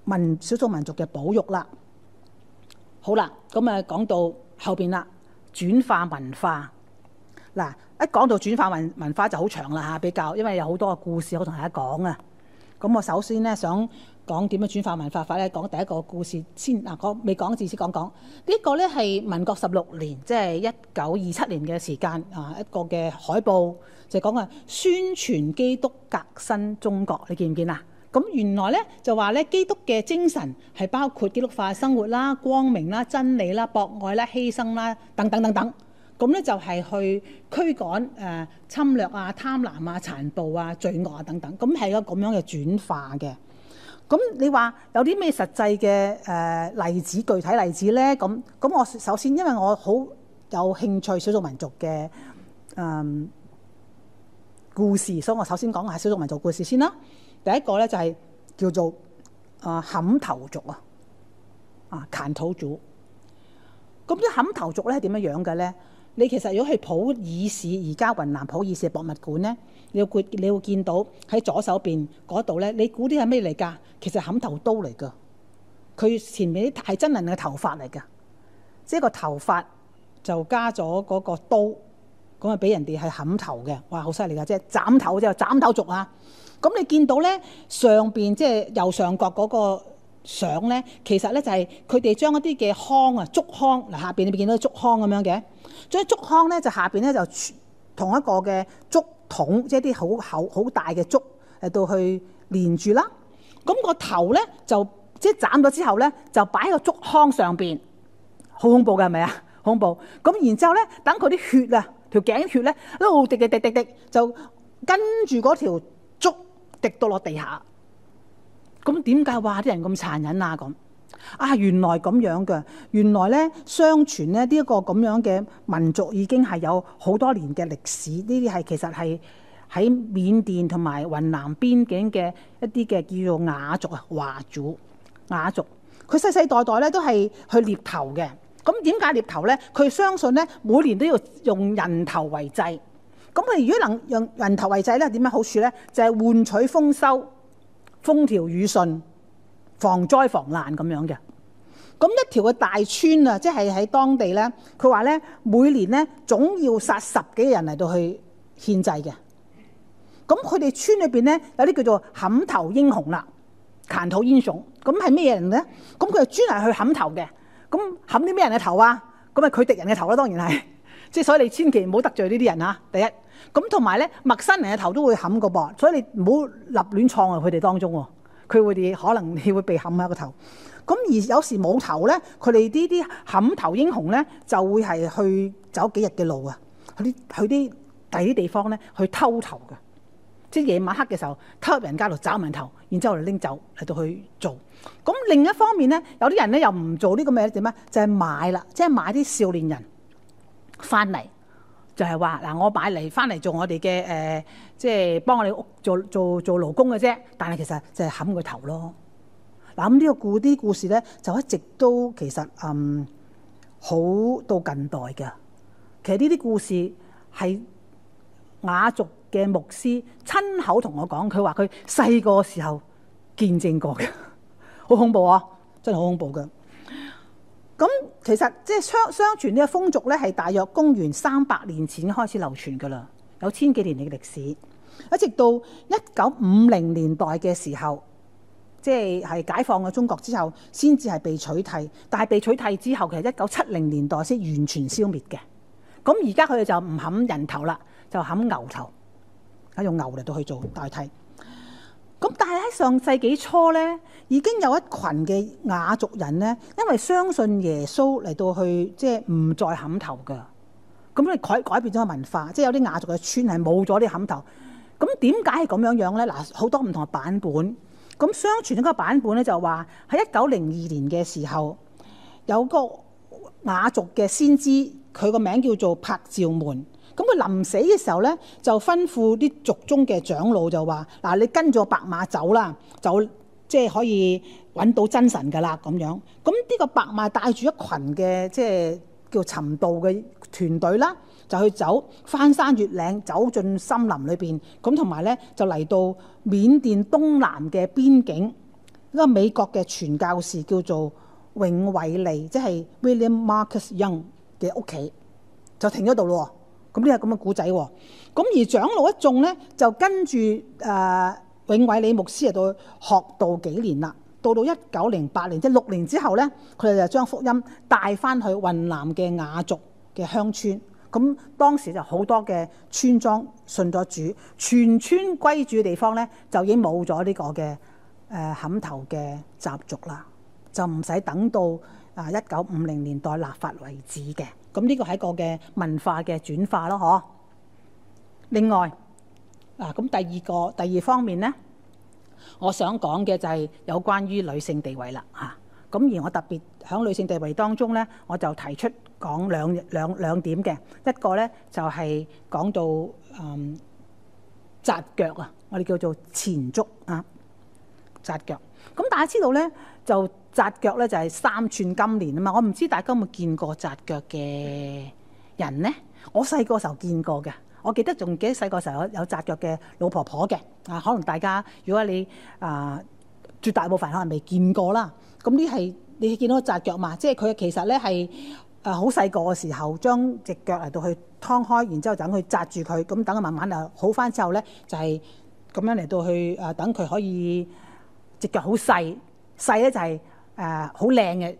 民少數民族嘅保育啦。好啦，咁啊講到後邊啦，轉化文化。嗱，一講到轉化文文化就好長啦嚇，比較因為有好多個故事我同大家講啊。咁我首先咧想。講點樣轉化文化法咧？講第一個故事先嗱，講未講字先講講呢個咧，係民國十六年，即係一九二七年嘅時間啊，一個嘅海報就講、是、啊，宣傳基督革新中國。你見唔見啊？咁原來咧就話咧，基督嘅精神係包括基督化生活啦、光明啦、真理啦、博愛啦、犧牲啦等等等等。咁、嗯、咧就係、是、去驅趕誒侵略啊、貪婪啊、殘暴啊、罪惡啊等等。咁係一個咁樣嘅轉化嘅。咁你話有啲咩實際嘅誒例子、具體例子咧？咁咁，我首先，因為我好有興趣少數民族嘅誒故事，所以我首先講下少數民族故事先啦。第一個咧就係叫做誒坎頭族啊，啊，坎土族。咁啲坎頭族咧點樣樣嘅咧？你其實如果去普洱市，而家雲南普洱市博物館咧，你會你會見到喺左手邊嗰度咧，你估啲係咩嚟㗎？其實是砍頭刀嚟㗎，佢前面啲係真人嘅頭髮嚟㗎，即係個頭髮就加咗嗰個刀，咁啊俾人哋係砍頭嘅，哇好犀利㗎！即係斬頭即係斬頭族啊！咁、嗯、你見到咧上邊即係右上角嗰、個。相咧，其實咧就係佢哋將一啲嘅筐啊，竹筐，嗱下邊你見到竹筐咁樣嘅，將啲竹筐咧就下邊咧就同一個嘅竹筒，即係啲好厚好大嘅竹，嚟到去連住啦。咁個頭咧就即係斬咗之後咧，就擺喺個竹筐上邊，好恐怖嘅係咪啊？恐怖。咁然之後咧，等佢啲血啊，條頸血咧，一路滴嘅滴滴滴，就跟住嗰條竹滴到落地下。咁點解話啲人咁殘忍啊？咁啊，原來咁樣嘅，原來咧，相傳咧，呢一個咁樣嘅民族已經係有好多年嘅歷史。呢啲係其實係喺緬甸同埋雲南邊境嘅一啲嘅叫做佤族啊，華族、佤族，佢世世代代咧都係去獵頭嘅。咁點解獵頭咧？佢相信咧，每年都要用人頭為祭。咁佢如果能用人頭為祭咧，點樣好處咧？就係、是、換取豐收。風調雨順，防災防難咁樣嘅。咁一條嘅大村啊，即係喺當地咧，佢話咧每年咧總要殺十幾人嚟到去獻祭嘅。咁佢哋村裏邊咧有啲叫做砍頭英雄啦，殘土英雄。咁係咩人咧？咁佢就專係去砍頭嘅。咁砍啲咩人嘅頭啊？咁咪佢敵人嘅頭啦、啊，當然係。即係所以你千祈唔好得罪呢啲人啊！第一。咁同埋咧，陌生人嘅頭都會冚個噃，所以你唔好立亂闖啊！佢哋當中，佢會哋可能你會被冚下個頭。咁而有時冇頭咧，佢哋呢啲冚頭英雄咧，就會係去走幾日嘅路啊，去啲去啲第啲地方咧，去偷頭嘅。即係夜晚黑嘅時候，偷入人家度找人頭，然之後拎走嚟到去做。咁另一方面咧，有啲人咧又唔做呢個咩咧，點啊？就係、係、買啦，即係買啲少年人翻嚟。就係話嗱，我買嚟翻嚟做我哋嘅誒，即係幫我哋屋做做做勞工嘅啫。但係其實就係冚佢頭咯。嗱，咁呢個故啲故事咧，就一直都其實嗯好到近代嘅。其實呢啲故事係佤族嘅牧師親口同我講，佢話佢細個時候見證過嘅，好恐怖啊，真係好恐怖嘅。咁其實即係相相傳呢個風俗咧，係大約公元三百年前開始流傳噶啦，有千幾年嘅歷史。一直到一九五零年代嘅時候，即係解放嘅中國之後，先至係被取締。但係被取締之後，其實一九七零年代先完全消滅嘅。咁而家佢哋就唔冚人頭啦，就冚牛頭啊，用牛嚟到去做代替。咁但係喺上世紀初咧，已經有一群嘅雅族人咧，因為相信耶穌嚟到去，即係唔再砍頭嘅。咁咧改改變咗個文化，即係有啲雅族嘅村係冇咗啲砍頭。咁點解係咁樣樣咧？嗱，好多唔同嘅版本。咁相傳咗個版本咧，就話喺一九零二年嘅時候，有個雅族嘅先知，佢個名叫做柏照門。咁佢臨死嘅時候咧，就吩咐啲族中嘅長老就話：嗱，你跟住白馬走啦，就即係、就是、可以揾到真神噶啦咁樣。咁呢個白馬帶住一群嘅即係叫尋道嘅團隊啦，就去走翻山越嶺，走進森林裏邊。咁同埋咧就嚟到緬甸東南嘅邊境，一、那個美國嘅傳教士叫做永偉利，即、就、係、是、William Marcus Young 嘅屋企，就停咗度咯。咁呢個咁嘅古仔喎，咁而長老一眾咧就跟住誒、啊、永偉李牧師啊到學道幾年啦，到到一九零八年即係六年之後咧，佢哋就將福音帶翻去雲南嘅佤族嘅鄉村，咁當時就好多嘅村莊信咗主，全村歸主嘅地方咧就已經冇咗呢個嘅誒砍頭嘅習俗啦，就唔使等到啊一九五零年代立法為止嘅。咁、這、呢個係一個嘅文化嘅轉化咯，嗬。另外啊，咁第二個第二方面咧，我想講嘅就係有關於女性地位啦，嚇。咁而我特別喺女性地位當中咧，我就提出講兩兩兩點嘅，一個咧就係、是、講到誒、嗯、紮腳啊，我哋叫做纏足啊，紮腳。咁大家知道咧，就紮腳咧就係三寸金蓮啊嘛！我唔知大家有冇見過紮腳嘅人咧？我細個時候見過嘅，我記得仲記得細個時候有有紮腳嘅老婆婆嘅啊！可能大家如果你啊，絕大部分可能未見過啦。咁呢係你見到紮腳嘛？即係佢其實咧係誒好細個嘅時候，將隻腳嚟到去劏開，然之後等佢紮住佢，咁等佢慢慢啊好返之後咧，就係咁樣嚟到去誒等佢可以。隻腳好細，細咧就係誒好靚嘅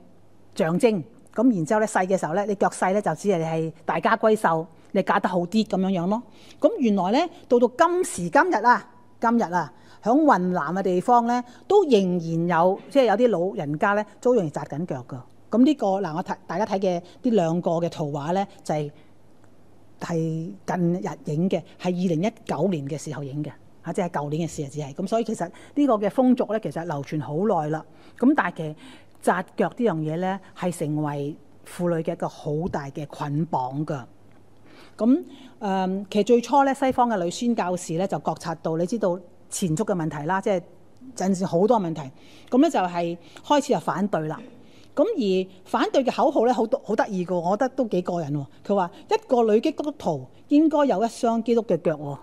象徵。咁然之後咧細嘅時候咧，你腳細咧就只係係大家閨秀，你嫁得好啲咁樣樣咯。咁原來咧到到今時今日啊，今日啊，喺雲南嘅地方咧都仍然有，即係有啲老人家咧都容易紮緊腳噶。咁呢個嗱，我睇大家睇嘅呢兩個嘅圖畫咧，就係係近日影嘅，係二零一九年嘅時候影嘅。啊，即係舊年嘅事，啊，只係咁，所以其實呢個嘅風俗咧，其實流傳好耐啦。咁但係其實紮腳呢樣嘢咧，係成為婦女嘅一個好大嘅捆綁噶。咁誒、嗯，其實最初咧，西方嘅女宣教士咧就覺察到，你知道前足嘅問題啦，即係陣時好多問題。咁咧就係開始就反對啦。咁而反對嘅口號咧，好多好得意㗎，我覺得都幾過癮喎。佢話一個女基督徒應該有一雙基督嘅腳喎。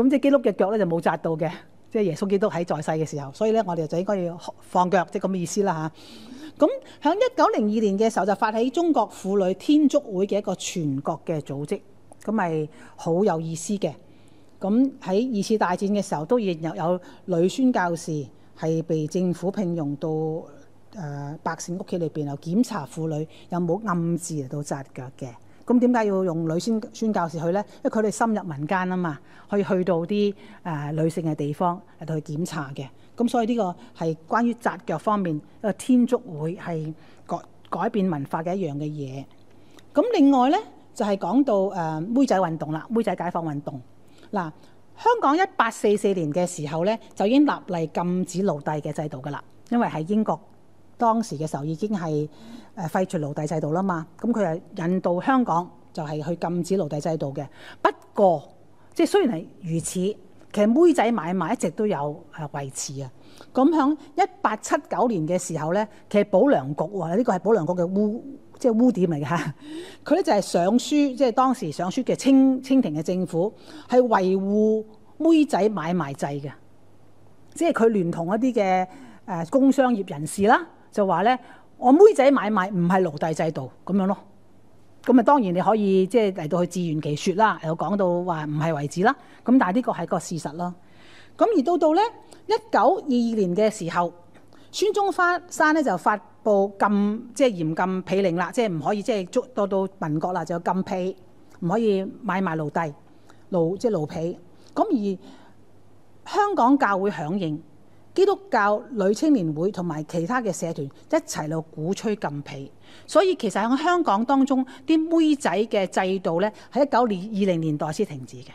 咁即基督嘅腳咧就冇紮到嘅，即係耶穌基督喺在，在世嘅時候，所以咧我哋就應該要放腳，即係咁嘅意思啦嚇。咁喺一九零二年嘅時候就發起中國婦女天足會嘅一個全國嘅組織，咁咪好有意思嘅。咁喺二次大戰嘅時候都仍然有，有女宣教士係被政府聘用到誒百姓屋企裏邊，又檢查婦女有冇暗自嚟到紮腳嘅。咁點解要用女宣宣教士去咧？因為佢哋深入民間啊嘛，可以去到啲誒女性嘅地方嚟到去檢查嘅。咁所以呢個係關於紮腳方面，天足會係改改變文化嘅一樣嘅嘢。咁另外咧就係講到誒妹仔運動啦，妹仔解放運動。嗱，香港一八四四年嘅時候咧就已經立例禁止奴隸嘅制度噶啦，因為喺英國當時嘅時候已經係。誒廢除奴隸制度啦嘛，咁佢係引導香港就係去禁止奴隸制度嘅。不過，即係雖然係如此，其實妹仔買賣一直都有誒維持啊。咁響一八七九年嘅時候咧，其實保良局喎，呢個係保良局嘅污即係污點嚟嘅。佢咧就係上書，即係當時上書嘅清清廷嘅政府，係維護妹仔買賣制嘅。即係佢聯同一啲嘅誒工商業人士啦，就話咧。我妹仔買賣唔係奴隸制度咁樣咯，咁咪當然你可以即係嚟到去自圓其説啦，又講到話唔係為止啦，咁但係呢個係個事實咯。咁而到到咧一九二二年嘅時候，孫中山咧就發布禁即係嚴禁婢令啦，即係唔可以即係捉到到民國啦，就禁婢，唔可以買賣奴隸奴即係、就是、奴婢。咁而香港教會響應。基督教女青年會同埋其他嘅社團一齊攞鼓吹禁婢，所以其實喺香港當中啲妹仔嘅制度咧，喺一九年二零年代先停止嘅，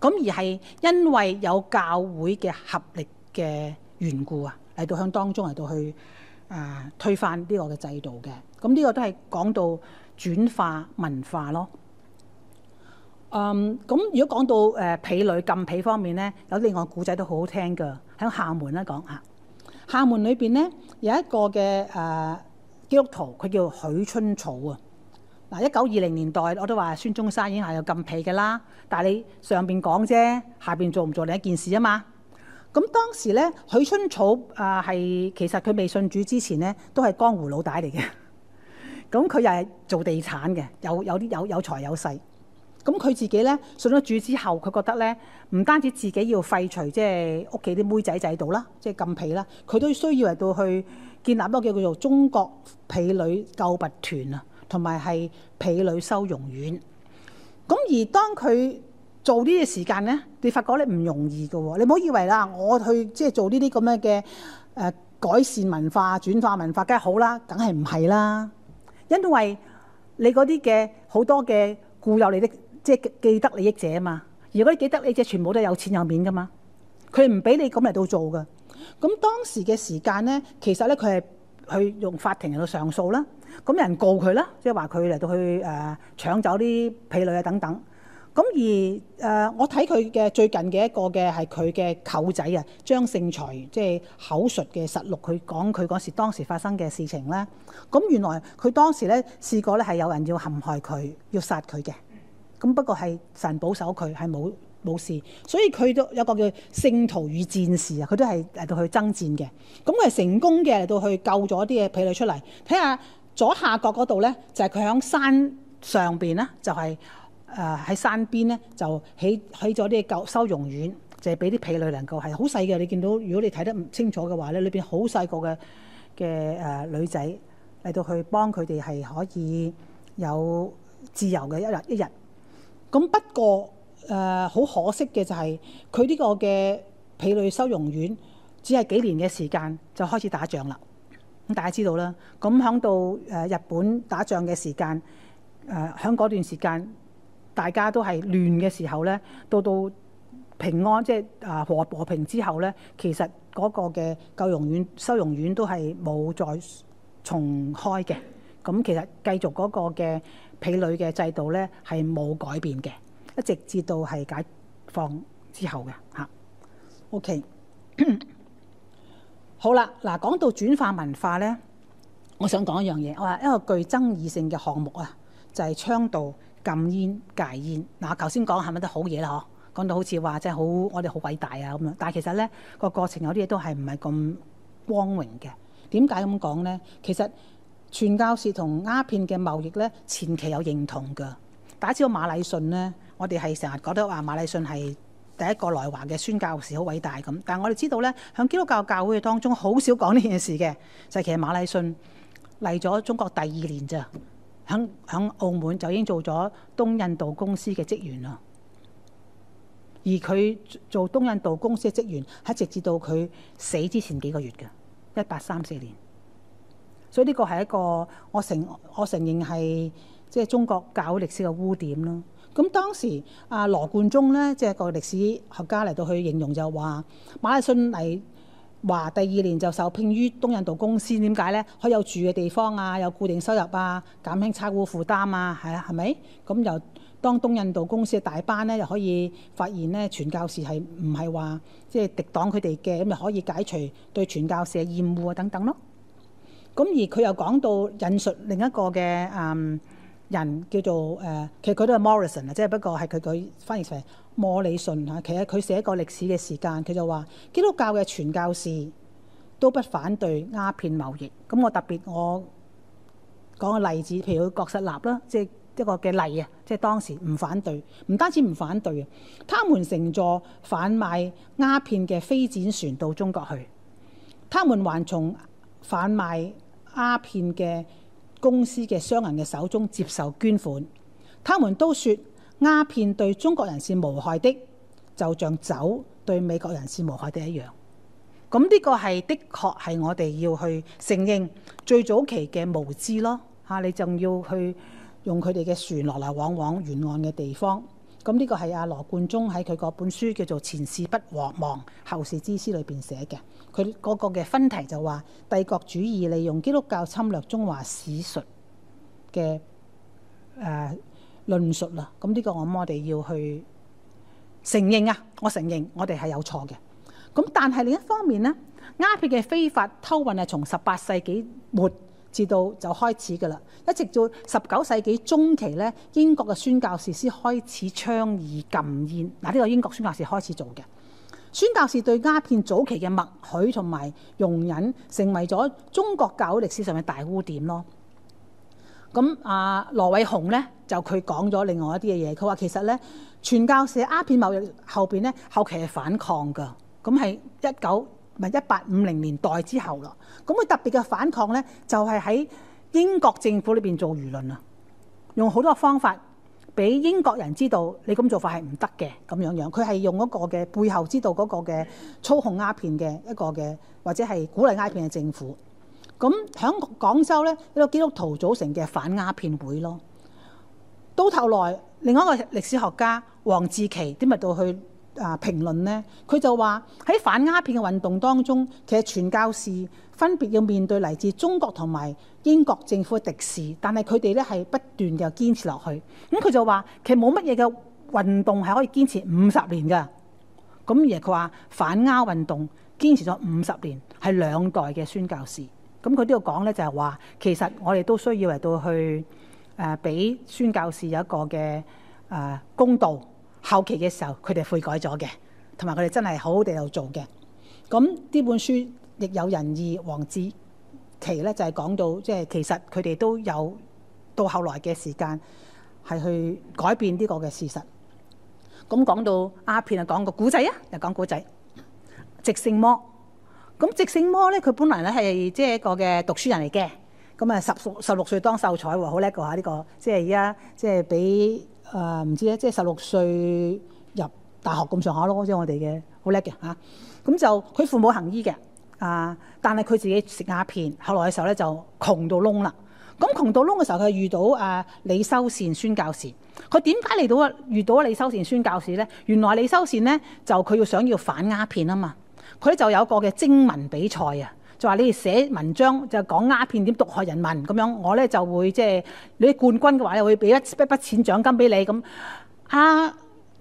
咁而係因為有教會嘅合力嘅緣故啊，嚟到向當中嚟到去啊、呃、推翻呢個嘅制度嘅，咁呢個都係講到轉化文化咯。嗯，咁如果講到誒婢女禁婢方面咧，有另外個古仔都好好聽㗎。喺廈門咧講吓，廈門裏邊咧有一個嘅誒、呃、基督徒，佢叫許春草啊。嗱，一九二零年代我都話孫中山已經係有禁婢㗎啦，但係你上邊講啫，下邊做唔做另一件事啊嘛？咁當時咧，許春草啊係、呃、其實佢未信主之前咧都係江湖老大嚟嘅，咁佢又係做地產嘅，有有啲有有財有勢。咁佢自己咧信咗主之後，佢覺得咧唔單止自己要廢除即係屋企啲妹仔仔度啦，即、就、係、是、禁婢啦，佢都需要嚟到去建立多叫叫做中國婢女救拔團啊，同埋係婢女收容院。咁而當佢做呢啲時間咧，你發覺咧唔容易㗎喎，你唔好以為啦，我去即係、就是、做呢啲咁樣嘅、呃、改善文化、轉化文化梗係好啦，梗係唔係啦？因為你嗰啲嘅好多嘅固有你的。即係既得利益者啊嘛！如果你既得利益者，全部都係有錢有面噶嘛。佢唔俾你咁嚟到做噶。咁當時嘅時間咧，其實咧佢係去用法庭嚟到上訴啦。咁有人告佢啦，即係話佢嚟到去誒、呃、搶走啲婢女啊等等。咁而誒、呃，我睇佢嘅最近嘅一個嘅係佢嘅舅仔啊，張勝才即係、就是、口述嘅實錄，佢講佢嗰時當時發生嘅事情啦。咁原來佢當時咧試過咧係有人要陷害佢，要殺佢嘅。咁不過係神保守佢係冇冇事，所以佢都有個叫聖徒與戰士啊。佢都係嚟到去爭戰嘅，咁佢係成功嘅嚟到去救咗啲嘅婢女出嚟。睇下左下角嗰度咧，就係佢響山上邊啦，就係誒喺山邊咧，就起起咗啲救收容院，就係俾啲婢女能夠係好細嘅。你見到如果你睇得唔清楚嘅話咧，裏邊好細個嘅嘅誒女仔嚟到去幫佢哋係可以有自由嘅一日一日。一日咁不過誒好、呃、可惜嘅就係佢呢個嘅婢女收容院，只係幾年嘅時間就開始打仗啦。咁大家知道啦。咁響到誒日本打仗嘅時間，誒響嗰段時間大家都係亂嘅時候咧，到到平安即係啊和和平之後咧，其實嗰個嘅收容院收容院都係冇再重開嘅。咁其實繼續嗰個嘅。婢女嘅制度咧係冇改變嘅，一直至到係解放之後嘅嚇。OK， 好啦，嗱，講到轉化文化咧，我想講一樣嘢，我話一個具爭議性嘅項目啊，就係、是、倡導禁煙戒煙。嗱、啊，我頭先講係咪都好嘢咯？講到好似話即係好，我哋好偉大啊咁樣。但係其實咧，個過程有啲嘢都係唔係咁光榮嘅。點解咁講咧？其實傳教士同鴉片嘅貿易咧，前期有認同嘅。大家知道馬禮遜咧，我哋係成日覺得話馬禮遜係第一個來華嘅宣教士，好偉大咁。但係我哋知道咧，響基督教教會當中好少講呢件事嘅。就係、是、其實馬禮遜嚟咗中國第二年咋，響響澳門就已經做咗東印度公司嘅職員啦。而佢做東印度公司嘅職員，係直至到佢死之前幾個月嘅，一八三四年。所以呢個係一個我承我承認係即係中國教會歷史嘅污點咯。咁當時啊羅冠宗咧，即係一個歷史學家嚟到去形容就話馬禮遜嚟華第二年就受聘於東印度公司，點解咧？佢有住嘅地方啊，有固定收入啊，減輕差戶負擔啊，係啊，係咪？咁又當東印度公司嘅大班咧，又可以發現咧傳教士係唔係話即係敵擋佢哋嘅，咁又可以解除對傳教士嘅厭惡啊等等咯。咁而佢又講到引述另一個嘅誒人叫做誒、呃，其實佢都係 Morrison 啊，即係不過係佢佢翻譯成莫里遜嚇。其實佢寫過歷史嘅時間，佢就話基督教嘅傳教士都不反對鴉片貿易。咁我特別我講個例子，譬如郭實立啦，即係一個嘅例啊，即係當時唔反對，唔單止唔反對啊，他們乘坐販賣鴉片嘅飛展船到中國去，他們還從販賣鴉片嘅公司嘅商人嘅手中接受捐款，他們都說，鴉片對中國人是無害的，就像酒對美國人是無害的一樣。咁呢個係的確係我哋要去承認最早期嘅無知咯。嚇，你仲要去用佢哋嘅船來來往往沿岸嘅地方。咁、這、呢個係阿羅冠宗喺佢嗰本書叫做《前事不忘，後事之師》裏邊寫嘅。佢嗰個嘅分題就話帝國主義利用基督教侵略中華史術嘅誒論述啦。咁、這、呢個咁我哋要去承認啊，我承認我哋係有錯嘅。咁但係另一方面咧，鴉片嘅非法偷運係從十八世紀末。至到就開始㗎啦，一直到十九世紀中期咧，英國嘅宣教士先開始倡議禁煙。嗱、啊，呢、這個英國宣教士開始做嘅宣教士對鴉片早期嘅默許同埋容忍，成為咗中國教育歷史上嘅大污點咯。咁啊，羅偉雄咧就佢講咗另外一啲嘅嘢，佢話其實咧，傳教士鴉片貿易後邊咧，後期係反抗㗎，咁係一九。咪一八五零年代之後咯，咁佢特別嘅反抗咧，就係喺英國政府裏邊做輿論啊，用好多方法俾英國人知道你咁做法係唔得嘅咁樣樣，佢係用嗰個嘅背後知道嗰個嘅操控鴉片嘅一個嘅，或者係鼓勵鴉片嘅政府。咁喺廣州咧，呢個基督徒組成嘅反鴉片會咯。到頭來，另外一個歷史學家黃志奇啲咪到去。啊！評論咧，佢就話喺反鴉片嘅運動當中，其實傳教士分別要面對嚟自中國同埋英國政府嘅敵視，但係佢哋咧係不斷嘅堅持落去。咁、嗯、佢就話其實冇乜嘢嘅運動係可以堅持五十年㗎。咁、嗯、而佢話反鴉運動堅持咗五十年係兩代嘅宣教士。咁、嗯、佢呢度講咧就係、是、話其實我哋都需要嚟到去誒俾、呃、宣教士有一個嘅誒、呃、公道。後期嘅時候，佢哋悔改咗嘅，同埋佢哋真係好好地又做嘅。咁呢本書亦有人意，黃志奇咧就係、是、講到，即、就、係、是、其實佢哋都有到後來嘅時間係去改變呢個嘅事實。咁、嗯、講到鴉片啊，講個古仔啊，又講古仔。《直性魔》咁《直性魔》咧，佢本來咧係即係一個嘅讀書人嚟嘅。咁啊十十十六歲當秀才喎，好叻過下呢個。即係而家即係俾。誒、呃、唔知咧，即係十六歲入大學咁上下咯，即係我哋嘅好叻嘅嚇。咁、啊、就佢父母行醫嘅，啊，但係佢自己食鴉片，後來嘅時候咧就窮到窿啦。咁、啊、窮到窿嘅時候，佢遇到誒、啊、李修善宣教士。佢點解嚟到啊？遇到李修善宣教士咧？原來李修善咧就佢要想要反鴉片啊嘛。佢就有一個嘅徵文比賽啊。就話你哋寫文章就講鴉片點毒害人民咁樣，我咧就會即係你冠軍嘅話，會俾一筆筆錢獎金俾你咁。阿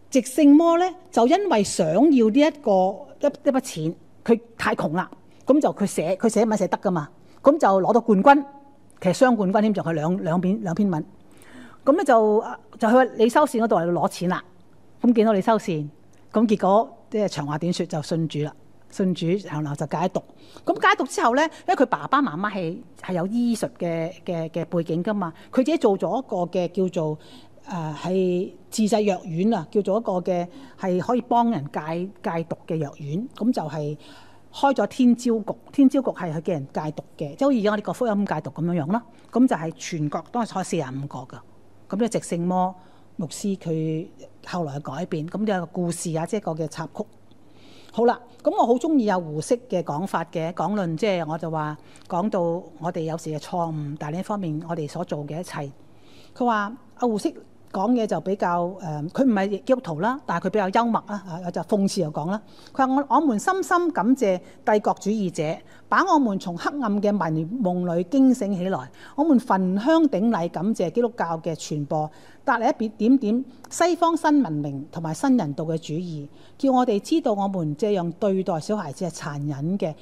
席勝魔咧就因為想要呢一個一一筆錢，佢太窮啦，咁就佢寫佢寫文寫得噶嘛，咁就攞到冠軍，其實雙冠軍添，就佢兩兩篇兩篇文。咁咧就就去李修善嗰度嚟攞錢啦。咁見到李修善，咁結果即係長話短説就信主啦。信主然後嚟就戒毒，咁戒毒之後咧，因為佢爸爸媽媽係係有醫術嘅嘅嘅背景㗎嘛，佢自己做咗一個嘅叫做誒係、呃、自製藥丸啊，叫做一個嘅係可以幫人戒戒毒嘅藥丸，咁就係開咗天朝局，天朝局係去嘅人戒毒嘅，即係好似而家我哋個福音戒毒咁樣樣咯，咁就係全國當時有四十五個㗎，咁呢席勝魔牧師佢後來改變，咁就有個故事啊，即係個嘅插曲。好啦，咁我好中意阿胡適嘅講法嘅講論，即係我就話講到我哋有時係錯誤，但係另一方面我哋所做嘅一切，佢話阿胡適。講嘢就比較誒，佢唔係基督徒啦，但係佢比較幽默啦，啊就諷刺又講啦。佢話我我們深深感謝帝國主義者，把我們從黑暗嘅迷夢裏驚醒起來。我們焚香頂禮感謝基督教嘅傳播，帶嚟一別點點西方新文明同埋新人道嘅主義，叫我哋知道我們這樣對待小孩子係殘忍嘅、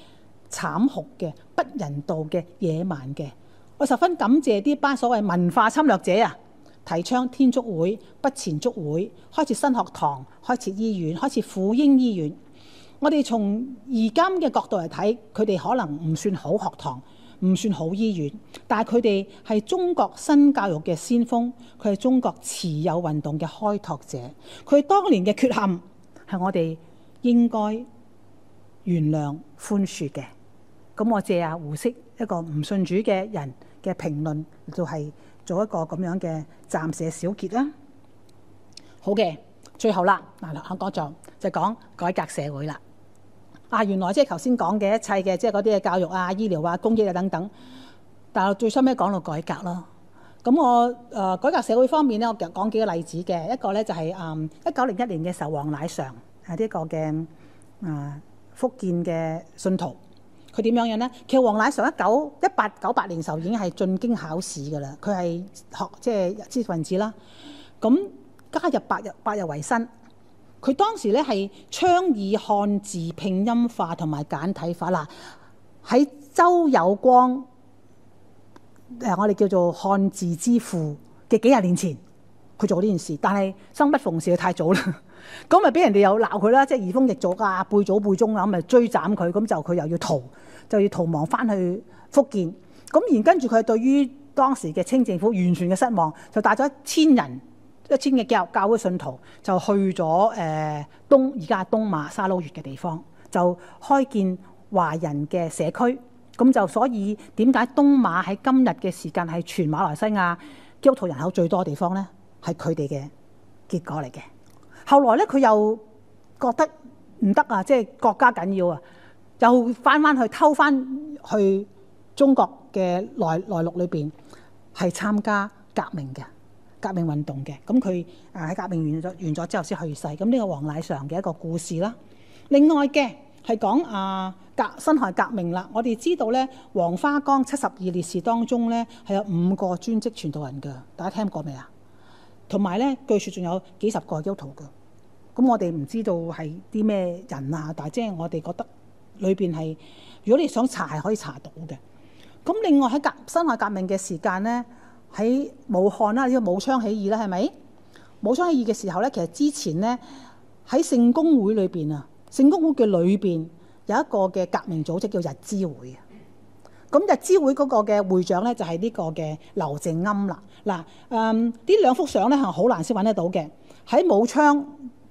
慘酷嘅、不人道嘅、野蠻嘅。我十分感謝呢班所謂文化侵略者啊！提倡天足會、不纏足會，開設新學堂、開設醫院、開設婦嬰醫院。我哋從而家嘅角度嚟睇，佢哋可能唔算好學堂，唔算好醫院，但係佢哋係中國新教育嘅先鋒，佢係中國持有運動嘅開拓者。佢當年嘅缺陷係我哋應該原諒寬恕嘅。咁我借阿胡適一個唔信主嘅人嘅評論就係、是，做一個咁樣嘅暫時嘅小結啦。好嘅，最後啦，嗱，我講就就講改革社會啦。啊，原來即係頭先講嘅一切嘅，即係嗰啲嘅教育啊、醫療啊、公益啊等等。但係最收尾講到改革咯。咁我誒、呃、改革社會方面咧，我講幾個例子嘅。一個咧就係誒一九零一年嘅時候，黃乃裳係呢個嘅啊福建嘅信徒。佢點樣樣咧？其實黃乃裳一九一八九八年時候已經係進京考試㗎啦。佢係學即係、就是、知識分子啦。咁加入百日百日維新，佢當時咧係倡議漢字拼音化同埋簡體化啦。喺周有光誒，我哋叫做漢字之父嘅幾廿年前，佢做呢件事，但係生不逢時，太早啦。咁咪俾人哋又鬧佢啦，即係移風易俗啊，背祖背宗啊，咁咪追斬佢，咁就佢又要逃，就要逃亡翻去福建。咁然跟住佢對於當時嘅清政府完全嘅失望，就帶咗一千人、一千嘅教教會信徒，就去咗誒、呃、東而家東馬沙拉越嘅地方，就開建華人嘅社區。咁就所以點解東馬喺今日嘅時間係全馬來西亞基督徒人口最多嘅地方咧？係佢哋嘅結果嚟嘅。後來呢，佢又覺得唔得啊，即係國家緊要啊，又返返去偷返去中國嘅內陸裏面，係參加革命嘅革命運動嘅。咁佢喺革命完咗完咗之後先去世。咁呢個黃乃裳嘅一個故事啦。另外嘅係講啊，辛亥革命啦。我哋知道呢，黃花崗七十二烈士當中呢，係有五個專職傳道人㗎。大家聽過未啊？同埋咧，據説仲有幾十個基督徒嘅。咁我哋唔知道係啲咩人啊，但係即係我哋覺得裏邊係如果你想查係可以查到嘅。咁另外喺革辛亥革命嘅時間咧，喺武漢啦，呢個武昌起義啦，係咪武昌起義嘅時候咧？其實之前咧喺聖公會裏邊啊，聖公會嘅裏邊有一個嘅革命組織叫做日知會啊。咁日知會嗰個嘅會長咧，就係呢個嘅劉靜庵啦。嗱，誒，呢兩幅相咧係好難先揾得到嘅，喺武昌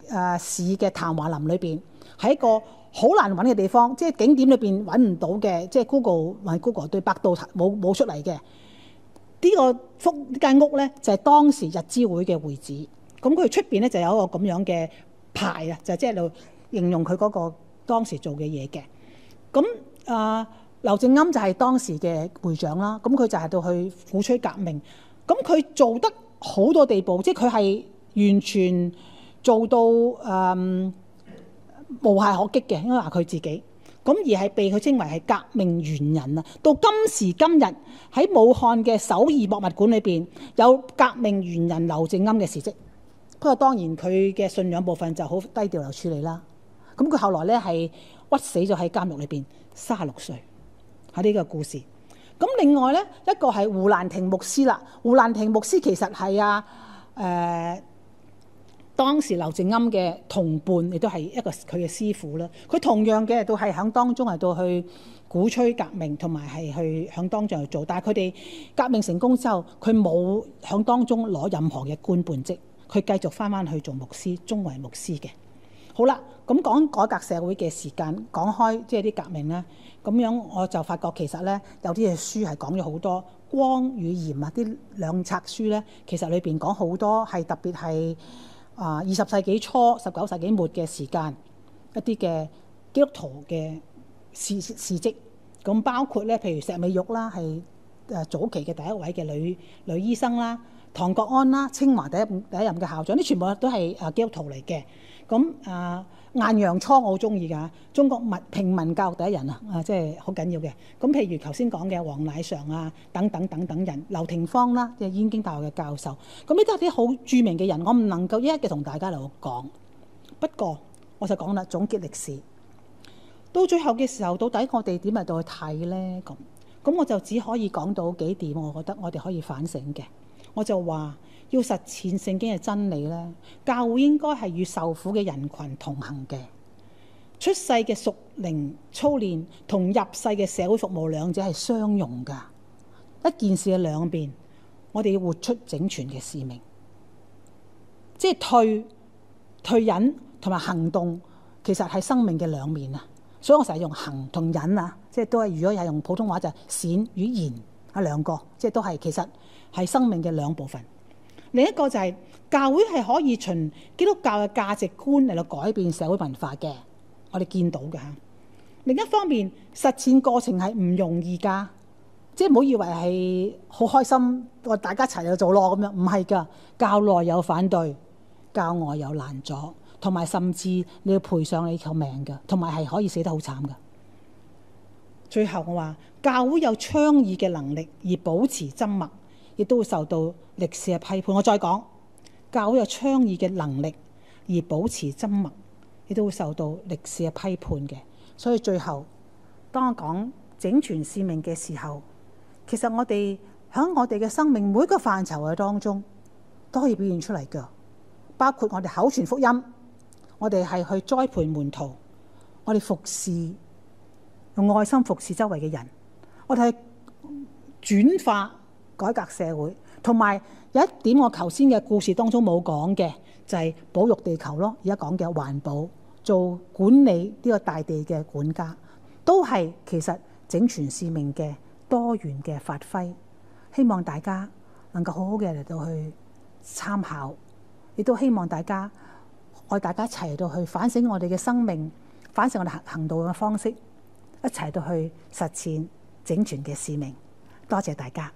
誒市嘅曇華林裏邊，喺一個好難揾嘅地方，即係景點裏邊揾唔到嘅，即係 Google 或 Google 對百度冇冇出嚟嘅。呢個幅間屋咧，就係當時日知會嘅會址。咁佢出邊咧就有一個咁樣嘅牌啊，就即係嚟形容佢嗰個當時做嘅嘢嘅。咁啊～劉靜庵就係當時嘅會長啦，咁佢就係到去鼓吹革命，咁佢做得好多地步，即係佢係完全做到誒、嗯、無懈可擊嘅，應該話佢自己，咁而係被佢稱為係革命元人啊！到今時今日喺武漢嘅首義博物館裏邊有革命元人劉靜庵嘅事蹟。不過當然佢嘅信仰部分就好低調又處理啦。咁佢後來咧係屈死咗喺監獄裏邊，三十六歲。呢、這個故事，咁另外咧一個係胡蘭亭牧師啦。胡蘭亭牧師其實係啊誒、呃，當時劉靜庵嘅同伴，亦都係一個佢嘅師傅啦。佢同樣嘅都係響當中係到去鼓吹革命，同埋係去響當中去做。但係佢哋革命成功之後，佢冇響當中攞任何嘅官半職，佢繼續翻翻去做牧師，中維牧師嘅。好啦，咁講改革社會嘅時間，講開即係啲革命咧，咁樣我就發覺其實咧有啲嘅書係講咗好多《光與鹽》啊，啲兩冊書咧，其實裏邊講好多係特別係啊二十世紀初、十九世紀末嘅時間，一啲嘅基督徒嘅事事蹟，咁包括咧，譬如石美玉啦，係誒早期嘅第一位嘅女女醫生啦，唐國安啦，清華第一第一任嘅校長，呢全部都係誒基督徒嚟嘅。咁啊，晏陽初我好中意噶，中國民平民教育第一人啊，啊即係好緊要嘅。咁譬如頭先講嘅黃乃裳啊，等等等等人，劉廷芳啦，即係燕京大學嘅教授。咁呢啲係啲好著名嘅人，我唔能夠一一嘅同大家嚟講。不過，我就講啦，總結歷史，到最後嘅時候，到底我哋點到去睇咧？咁，咁我就只可以講到幾點，我覺得我哋可以反省嘅。我就話。要實踐聖經嘅真理咧，教會應該係與受苦嘅人群同行嘅。出世嘅屬靈操練同入世嘅社會服務兩者係相容噶。一件事嘅兩邊，我哋要活出整全嘅使命，即係退退隱同埋行動，其實係生命嘅兩面啊。所以我成日用行同隱啊，即係都係。如果係用普通話就係閃與言啊兩個，即係都係其實係生命嘅兩部分。另一個就係、係、教會係可以循基督教嘅價值觀嚟到改變社會文化嘅，我哋見到嘅嚇。另一方面，實踐過程係唔容易噶，即係唔好以為係好開心，大家齊嚟做咯咁樣，唔係噶。教內有反對，教外有難阻，同埋甚至你要賠上你條命噶，同埋係可以死得好慘噶。最後我話，教會有倡議嘅能力而保持真脈。亦都會受到歷史嘅批判。我再講，教會有倡議嘅能力而保持緘默，亦都會受到歷史嘅批判嘅。所以最後當我講整全使命嘅時候，其實我哋喺我哋嘅生命每一個範疇嘅當中都可以表現出嚟㗎，包括我哋口傳福音，我哋係去栽培門徒，我哋服侍用愛心服侍周圍嘅人，我哋係轉化。改革社會，同埋有，有一點，我頭先嘅故事當中冇講嘅，就係、是、保育地球咯。而家講嘅環保，做管理呢個大地嘅管家，都係其實整全市命嘅多元嘅發揮。希望大家能夠好好嘅嚟到去參考，亦都希望大家愛大家一齊到去反省我哋嘅生命，反省我哋行行道嘅方式，一齊到去實踐整全嘅使命。多謝大家。